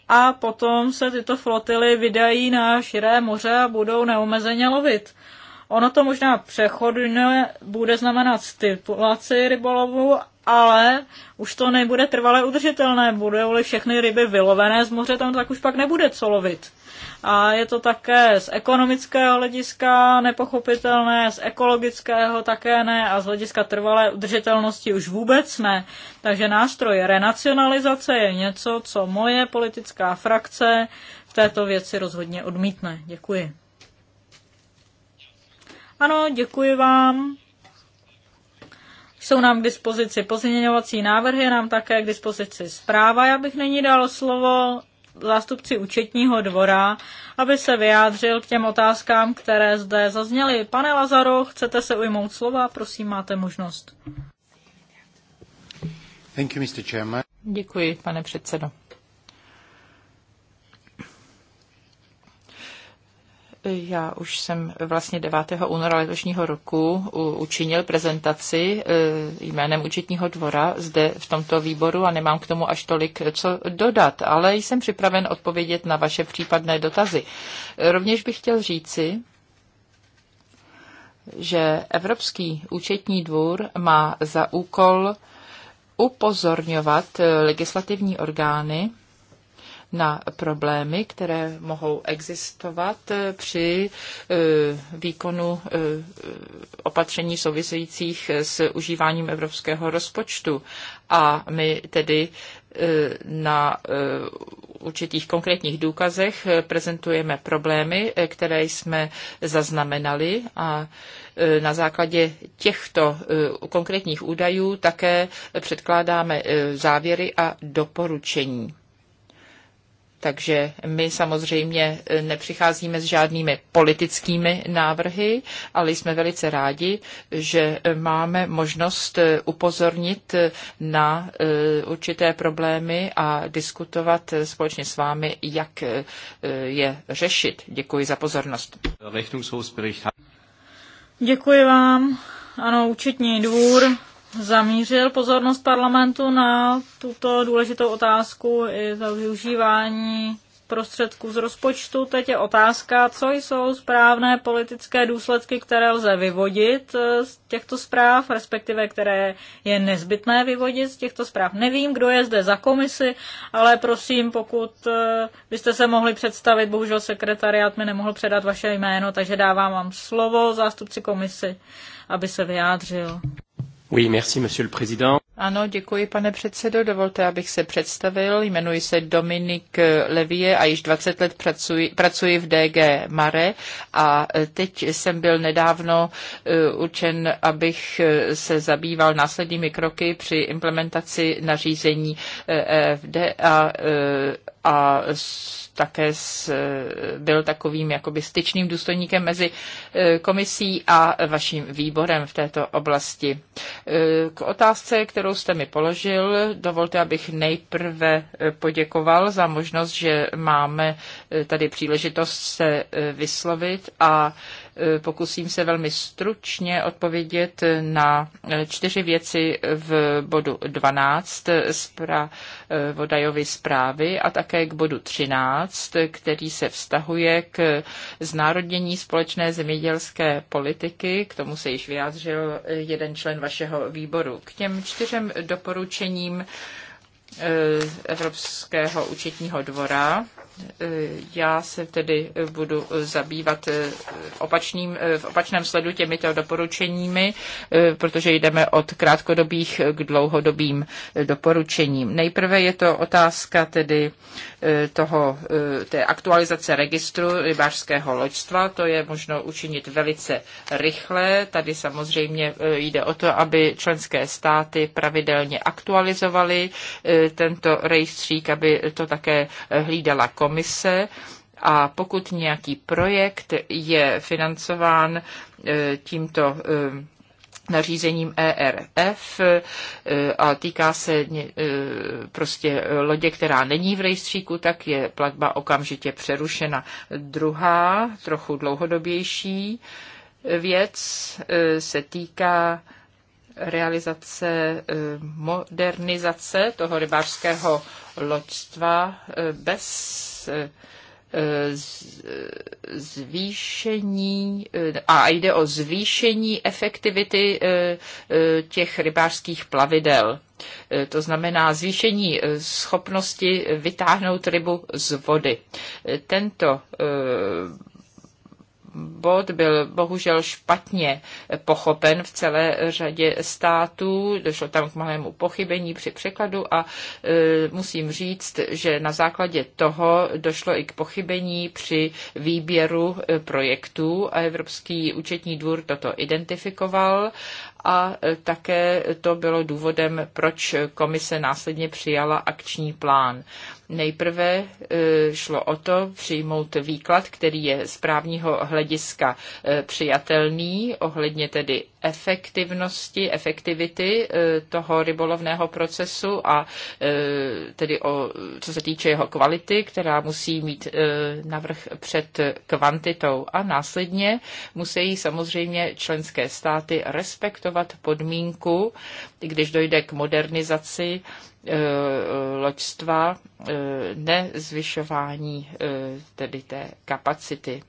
a potom se tyto flotily vydají na širé moře a budou neomezeně lovit. Ono to možná přechodně bude znamenat stipulaci rybolovu, ale už to nebude trvale udržitelné. Budou-li všechny ryby vylovené z moře, tam tak už pak nebude co lovit. A je to také z ekonomického hlediska nepochopitelné, z ekologického také ne a z hlediska trvalé udržitelnosti už vůbec ne. Takže nástroj renacionalizace je něco, co moje politická frakce v této věci rozhodně odmítne. Děkuji. Ano, děkuji vám. Jsou nám k dispozici pozměňovací návrhy, nám také k dispozici zpráva. Já bych není dal slovo zástupci účetního dvora, aby se vyjádřil k těm otázkám, které zde zazněly. Pane Lazaro, chcete se ujmout slova? Prosím, máte možnost. Thank you, Mr. Chairman. Děkuji, pane předsedo. Já už jsem vlastně 9. února letošního roku učinil prezentaci e, jménem účetního dvora zde v tomto výboru a nemám k tomu až tolik e, co dodat, ale jsem připraven odpovědět na vaše případné dotazy. E, rovněž bych chtěl říci, že Evropský účetní dvůr má za úkol upozorňovat legislativní orgány na problémy, které mohou existovat eh, při eh, výkonu eh, opatření souvisejících s užíváním evropského rozpočtu. A my tedy na určitých konkrétních důkazech prezentujeme problémy, které jsme zaznamenali a na základě těchto konkrétních údajů také předkládáme závěry a doporučení. Takže my samozřejmě e, nepřicházíme s žádnými politickými návrhy, ale jsme velice rádi, že e, máme možnost e, upozornit na určité problémy a diskutovat společně s vámi, jak je řešit. Děkuji za pozornost. Děkuji vám. Ano, účetní dvůr zamířil pozornost parlamentu na tuto důležitou otázku i za využívání prostředků z rozpočtu. Teď je otázka, co jsou správné politické důsledky, které lze vyvodit eh, z těchto zpráv, respektive které je nezbytné vyvodit z těchto zpráv. Nevím, kdo je zde za komisi, ale prosím, pokud eh, byste se mohli představit, bohužel sekretariat mi nemohl předat vaše jméno, takže dávám vám slovo zástupci komisi, aby se vyjádřil. Oui, merci, monsieur le président. Ano, děkuji, pane předsedo. Dovolte, abych se představil. Jmenuji se Dominik eh, Levie a již 20 let pracuji, pracuji v DG Mare a eh, teď jsem byl nedávno eh, učen, abych se zabýval následnými kroky při implementaci nařízení EFD e a, a také eh, byl takovým jakoby styčným důstojníkem mezi eh, komisí a vaším výborem v této oblasti. Eh, k otázce, kterou jste mi položil, dovolte, abych nejprve poděkoval za možnost, že máme tady příležitost se vyslovit a Pokusím se velmi stručně odpovědět na čtyři věci v bodu 12 zpra, Vodajovy zprávy a také k bodu 13, který se vztahuje k znárodnění společné zemědělské politiky. K tomu se již vyjádřil jeden člen vašeho výboru. K těm čtyřem doporučením eh, Evropského účetního dvora já se tedy budu zabývat eh, opačným, eh, v opačném sledu těmito doporučeními, eh, protože jdeme od krátkodobých k dlouhodobým doporučením. Nejprve je to otázka tedy E, toho, e, té aktualizace registru rybářského loďstva. To je možno učinit velice rychle. Tady samozřejmě e, jde o to, aby členské státy pravidelně aktualizovaly tento rejstřík, aby to také hlídala komise. A pokud nějaký projekt je financován tímto nařízením ERF eh, a týká se eh, prostě lodě, která není v rejstříku, tak je platba okamžitě přerušena. Druhá, trochu dlouhodobější věc eh, se týká realizace modernizace toho rybářského loďstva bez zvýšení eh, a jde o zvýšení efektivity eh, eh, těch rybářských plavidel. To znamená zvýšení schopnosti vytáhnout rybu z vody. Tento bod byl bohužel špatně pochopen v celé řadě států. Došlo tam k malému pochybení při překladu a e, musím říct, že na základě toho došlo i k pochybení při výběru e, projektů a Evropský účetní dvůr toto identifikoval a e, také to bylo důvodem, proč komise následně přijala akční plán. Nejprve e, šlo o to přijmout výklad, který je z právního hlediska e, přijatelný ohledně tedy efektivnosti, efektivity eh, toho rybolovného procesu a eh, tedy o, co se týče jeho kvality, která musí mít eh, navrh před kvantitou a následně musí samozřejmě členské státy respektovat podmínku, když dojde k modernizaci loďstva, nezvyšování tedy té kapacity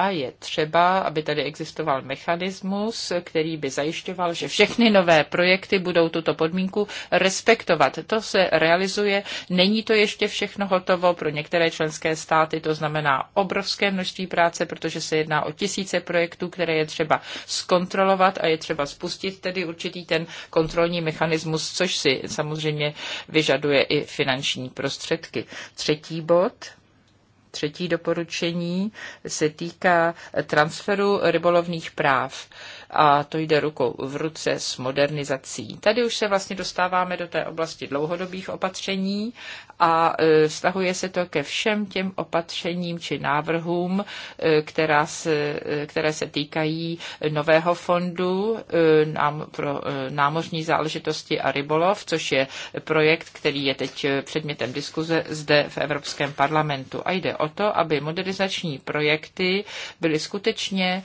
a je třeba, aby tady existoval mechanismus, který by zajišťoval, že všechny nové projekty budou tuto podmínku respektovat. To se realizuje, není to ještě všechno hotovo pro některé členské státy, to znamená obrovské množství práce, protože se jedná o tisíce projektů, které je třeba zkontrolovat a je třeba spustit tedy určitý ten kontrolní mechanismus, což si samozřejmě vyžaduje i finanční prostředky. Třetí bod Třetí doporučení se týká transferu rybolovných práv a to jde rukou v ruce s modernizací. Tady už se vlastně dostáváme do té oblasti dlouhodobých opatření a e, vztahuje se to ke všem těm opatřením či návrhům, e, která se, e, které se týkají nového fondu nám, pro námořní záležitosti a rybolov, což je projekt, který je teď předmětem diskuze zde v Evropském parlamentu. A jde o to, aby modernizační projekty byly skutečně,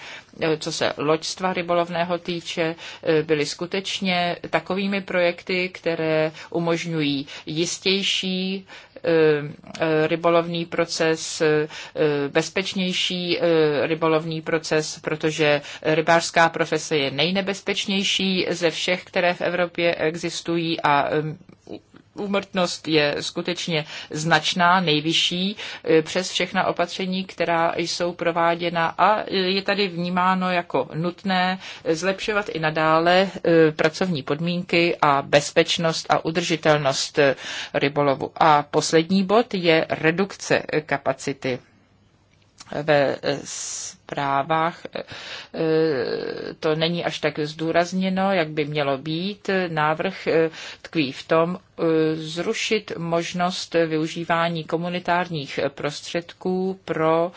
co se loďstva rybolovného týče, byly skutečně takovými projekty, které umožňují jistější rybolovní eh, rybolovný proces, eh, bezpečnější eh, rybolovný proces, protože rybářská profese je nejnebezpečnější ze všech, které v Evropě existují a úmrtnost je skutečně značná, nejvyšší eh, přes všechna opatření, která jsou prováděna a eh, je tady vnímáno jako nutné zlepšovat i nadále eh, pracovní podmínky a bezpečnost a udržitelnost rybolovu. A poslední bod je redukce kapacity ve eh, zprávách eh, eh, to není až tak zdůrazněno, jak by mělo být. Návrh tkví v tom zrušit možnost využívání komunitárních prostředků pro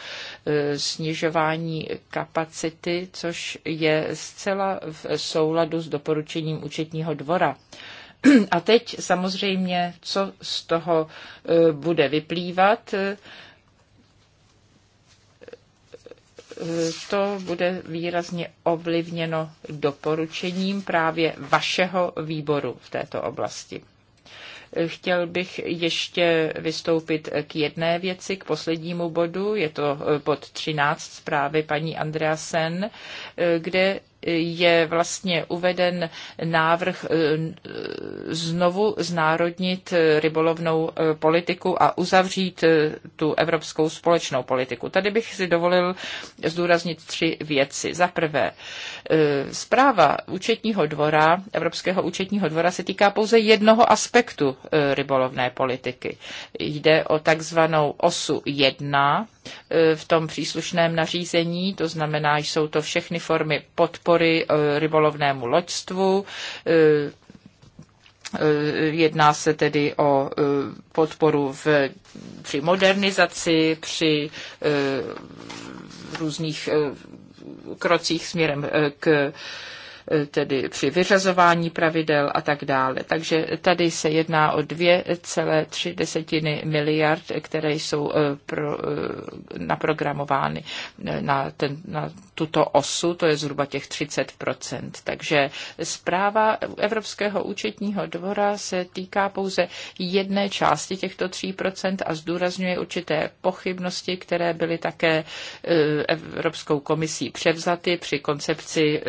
snižování kapacity, což je zcela v souladu s doporučením účetního dvora. <clears throat> A teď samozřejmě, co z toho bude vyplývat, to bude výrazně ovlivněno doporučením právě vašeho výboru v této oblasti. Chtěl bych ještě vystoupit k jedné věci, k poslednímu bodu, je to pod 13 zprávy paní Andreasen, kde je vlastně uveden návrh eh, znovu znárodnit eh, rybolovnou eh, politiku a uzavřít tu evropskou společnou politiku. Tady bych si dovolil zdůraznit tři věci. Za prvé, zpráva účetního dvora, Evropského účetního dvora se týká pouze jednoho aspektu rybolovné politiky. Jde o takzvanou osu 1 v tom příslušném nařízení, to znamená, jsou to všechny formy podpory podpory e, rybolovnému loďstvu. E, e, jedná se tedy o podporu v, při modernizaci, při různých krocích směrem k tedy při vyřazování pravidel a tak dále. Takže tady se jedná o 2,3 miliard, které jsou eh, pro, eh, naprogramovány eh, na, ten, na tuto osu, to je zhruba těch 30 Takže zpráva Evropského účetního dvora se týká pouze jedné části těchto 3 a zdůrazňuje určité pochybnosti, které byly také Evropskou komisí převzaty při koncepci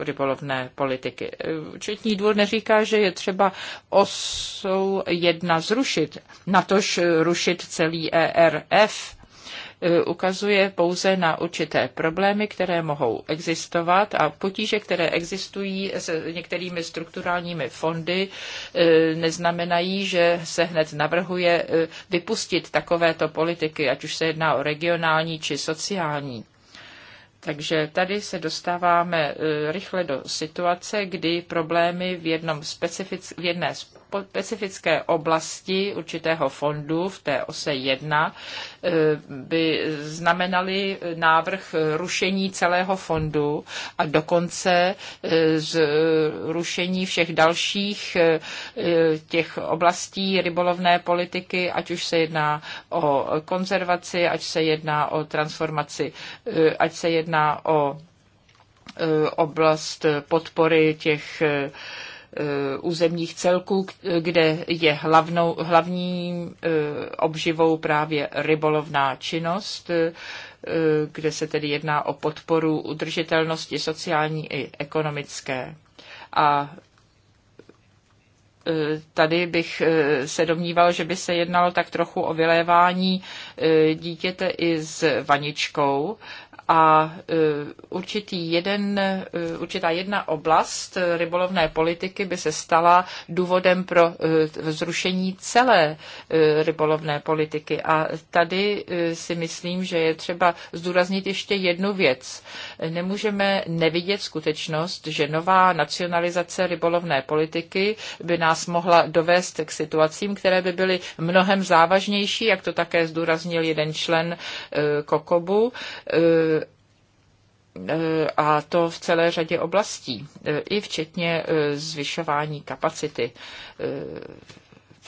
rybolov úsporné politiky. Četní dvůr neříká, že je třeba osou jedna zrušit, natož rušit celý ERF ukazuje pouze na určité problémy, které mohou existovat a potíže, které existují s některými strukturálními fondy, e, neznamenají, že se hned navrhuje e, vypustit takovéto politiky, ať už se jedná o regionální či sociální. Takže tady se dostáváme eh, rychle do situace, kdy problémy v, jednom specific, v jedné specifické oblasti určitého fondu v té ose 1 e, by znamenaly návrh rušení celého fondu a dokonce e, z rušení všech dalších e, těch oblastí rybolovné politiky, ať už se jedná o konzervaci, ať se jedná o transformaci, ať se jedná o oblast podpory těch Eh, územních celků, kde je hlavnou, hlavní eh, obživou právě rybolovná činnost, eh, kde se tedy jedná o podporu udržitelnosti sociální i ekonomické. A tady bych se domníval, že by se jednalo tak trochu o vylévání dítěte i s vaničkou a e, určitý jeden, e, určitá jedna oblast rybolovné politiky by se stala důvodem pro e, zrušení celé rybolovné politiky. A tady si myslím, že je třeba zdůraznit ještě jednu věc. Nemůžeme nevidět skutečnost, že nová nacionalizace rybolovné politiky by nás mohla dovést k situacím, které by byly mnohem závažnější, jak to také zdůraznil jeden člen Kokobu E, a to v celé řadě oblastí, e, i včetně e, zvyšování kapacity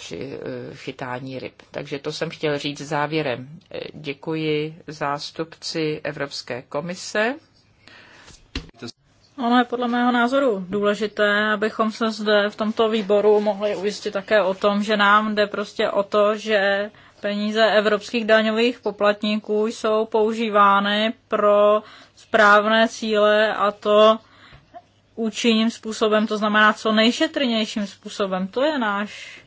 při chytání ryb. Takže to jsem chtěl říct závěrem. Děkuji zástupci Evropské komise. Ono je podle mého názoru důležité, abychom se zde v tomto výboru mohli ujistit také o tom, že nám jde prostě o to, že peníze evropských daňových poplatníků jsou používány pro správné cíle a to účinným způsobem, to znamená co nejšetrnějším způsobem. To je náš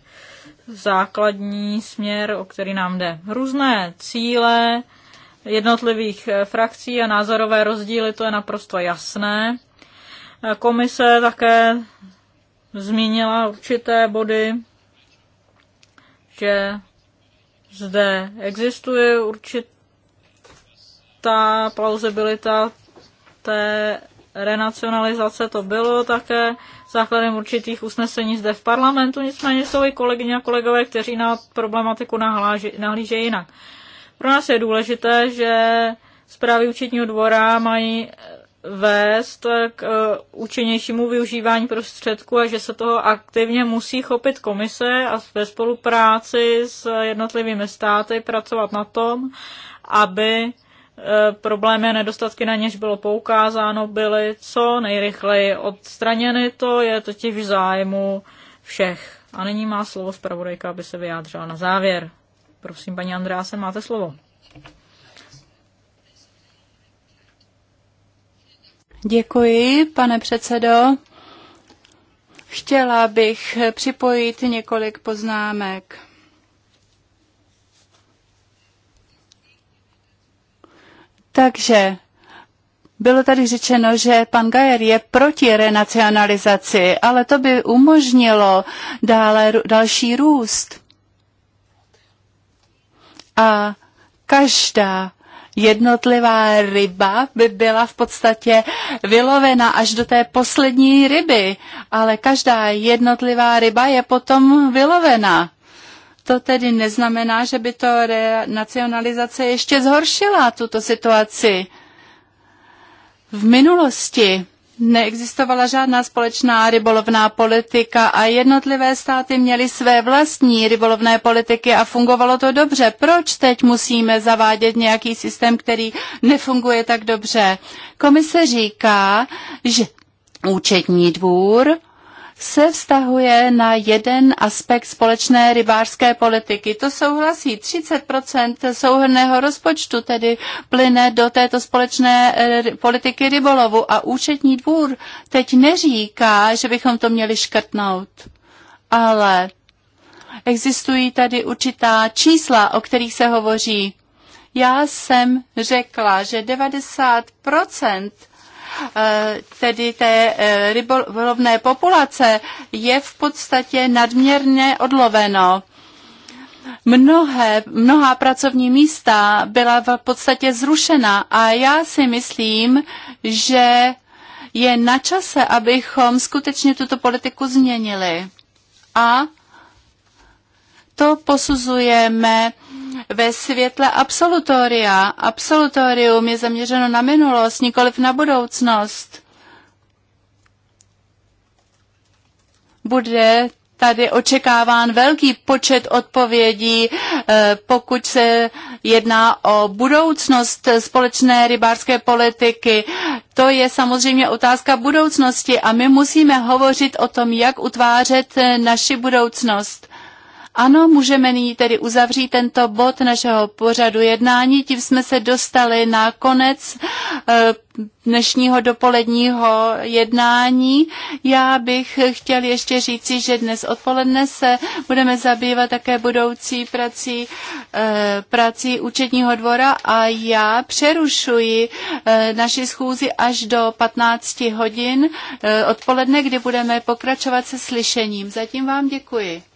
základní směr, o který nám jde. Různé cíle jednotlivých frakcí a názorové rozdíly, to je naprosto jasné. Komise také zmínila určité body, že zde existuje určit ta plauzibilita té renacionalizace to bylo také základem určitých usnesení zde v parlamentu, nicméně jsou i kolegyně a kolegové, kteří na problematiku nahlížejí jinak. Pro nás je důležité, že zprávy účetního dvora mají vést k e, účinnějšímu využívání prostředků a že se toho aktivně musí chopit komise a ve spolupráci s jednotlivými státy pracovat na tom, aby Eh, problémy a nedostatky, na něž bylo poukázáno, byly co nejrychleji odstraněny. To je totiž v zájmu všech. A nyní má slovo zpravodajka, aby se vyjádřila na závěr. Prosím, paní Andráse, máte slovo. Děkuji, pane předsedo. Chtěla bych připojit několik poznámek. Takže bylo tady řečeno, že pan Gajer je proti renacionalizaci, ale to by umožnilo dále, další růst. A každá jednotlivá ryba by byla v podstatě vylovena až do té poslední ryby, ale každá jednotlivá ryba je potom vylovena. To tedy neznamená, že by to nacionalizace ještě zhoršila tuto situaci. V minulosti neexistovala žádná společná rybolovná politika a jednotlivé státy měly své vlastní rybolovné politiky a fungovalo to dobře. Proč teď musíme zavádět nějaký systém, který nefunguje tak dobře? Komise říká, že účetní dvůr se vztahuje na jeden aspekt společné rybářské politiky. To souhlasí 30 souhrného rozpočtu, tedy plyne do této společné eh, politiky rybolovu a účetní dvůr teď neříká, že bychom to měli škrtnout. Ale existují tady určitá čísla, o kterých se hovoří. Já jsem řekla, že 90 Eh, tedy té eh, rybolovné populace je v podstatě nadměrně odloveno. Mnohé, mnohá pracovní místa byla v podstatě zrušena a já si myslím, že je na čase, abychom skutečně tuto politiku změnili. A to posuzujeme ve světle absolutoria. Absolutorium je zaměřeno na minulost, nikoliv na budoucnost. Bude tady očekáván velký počet odpovědí, eh, pokud se jedná o budoucnost společné rybářské politiky. To je samozřejmě otázka budoucnosti a my musíme hovořit o tom, jak utvářet naši budoucnost. Ano, můžeme nyní tedy uzavřít tento bod našeho pořadu jednání. Tím jsme se dostali na konec eh, dnešního dopoledního jednání. Já bych chtěl ještě říci, že dnes odpoledne se budeme zabývat také budoucí prací, eh, prací účetního dvora a já přerušuji eh, naši schůzi až do 15 hodin odpoledne, kdy budeme pokračovat se slyšením. Zatím vám děkuji.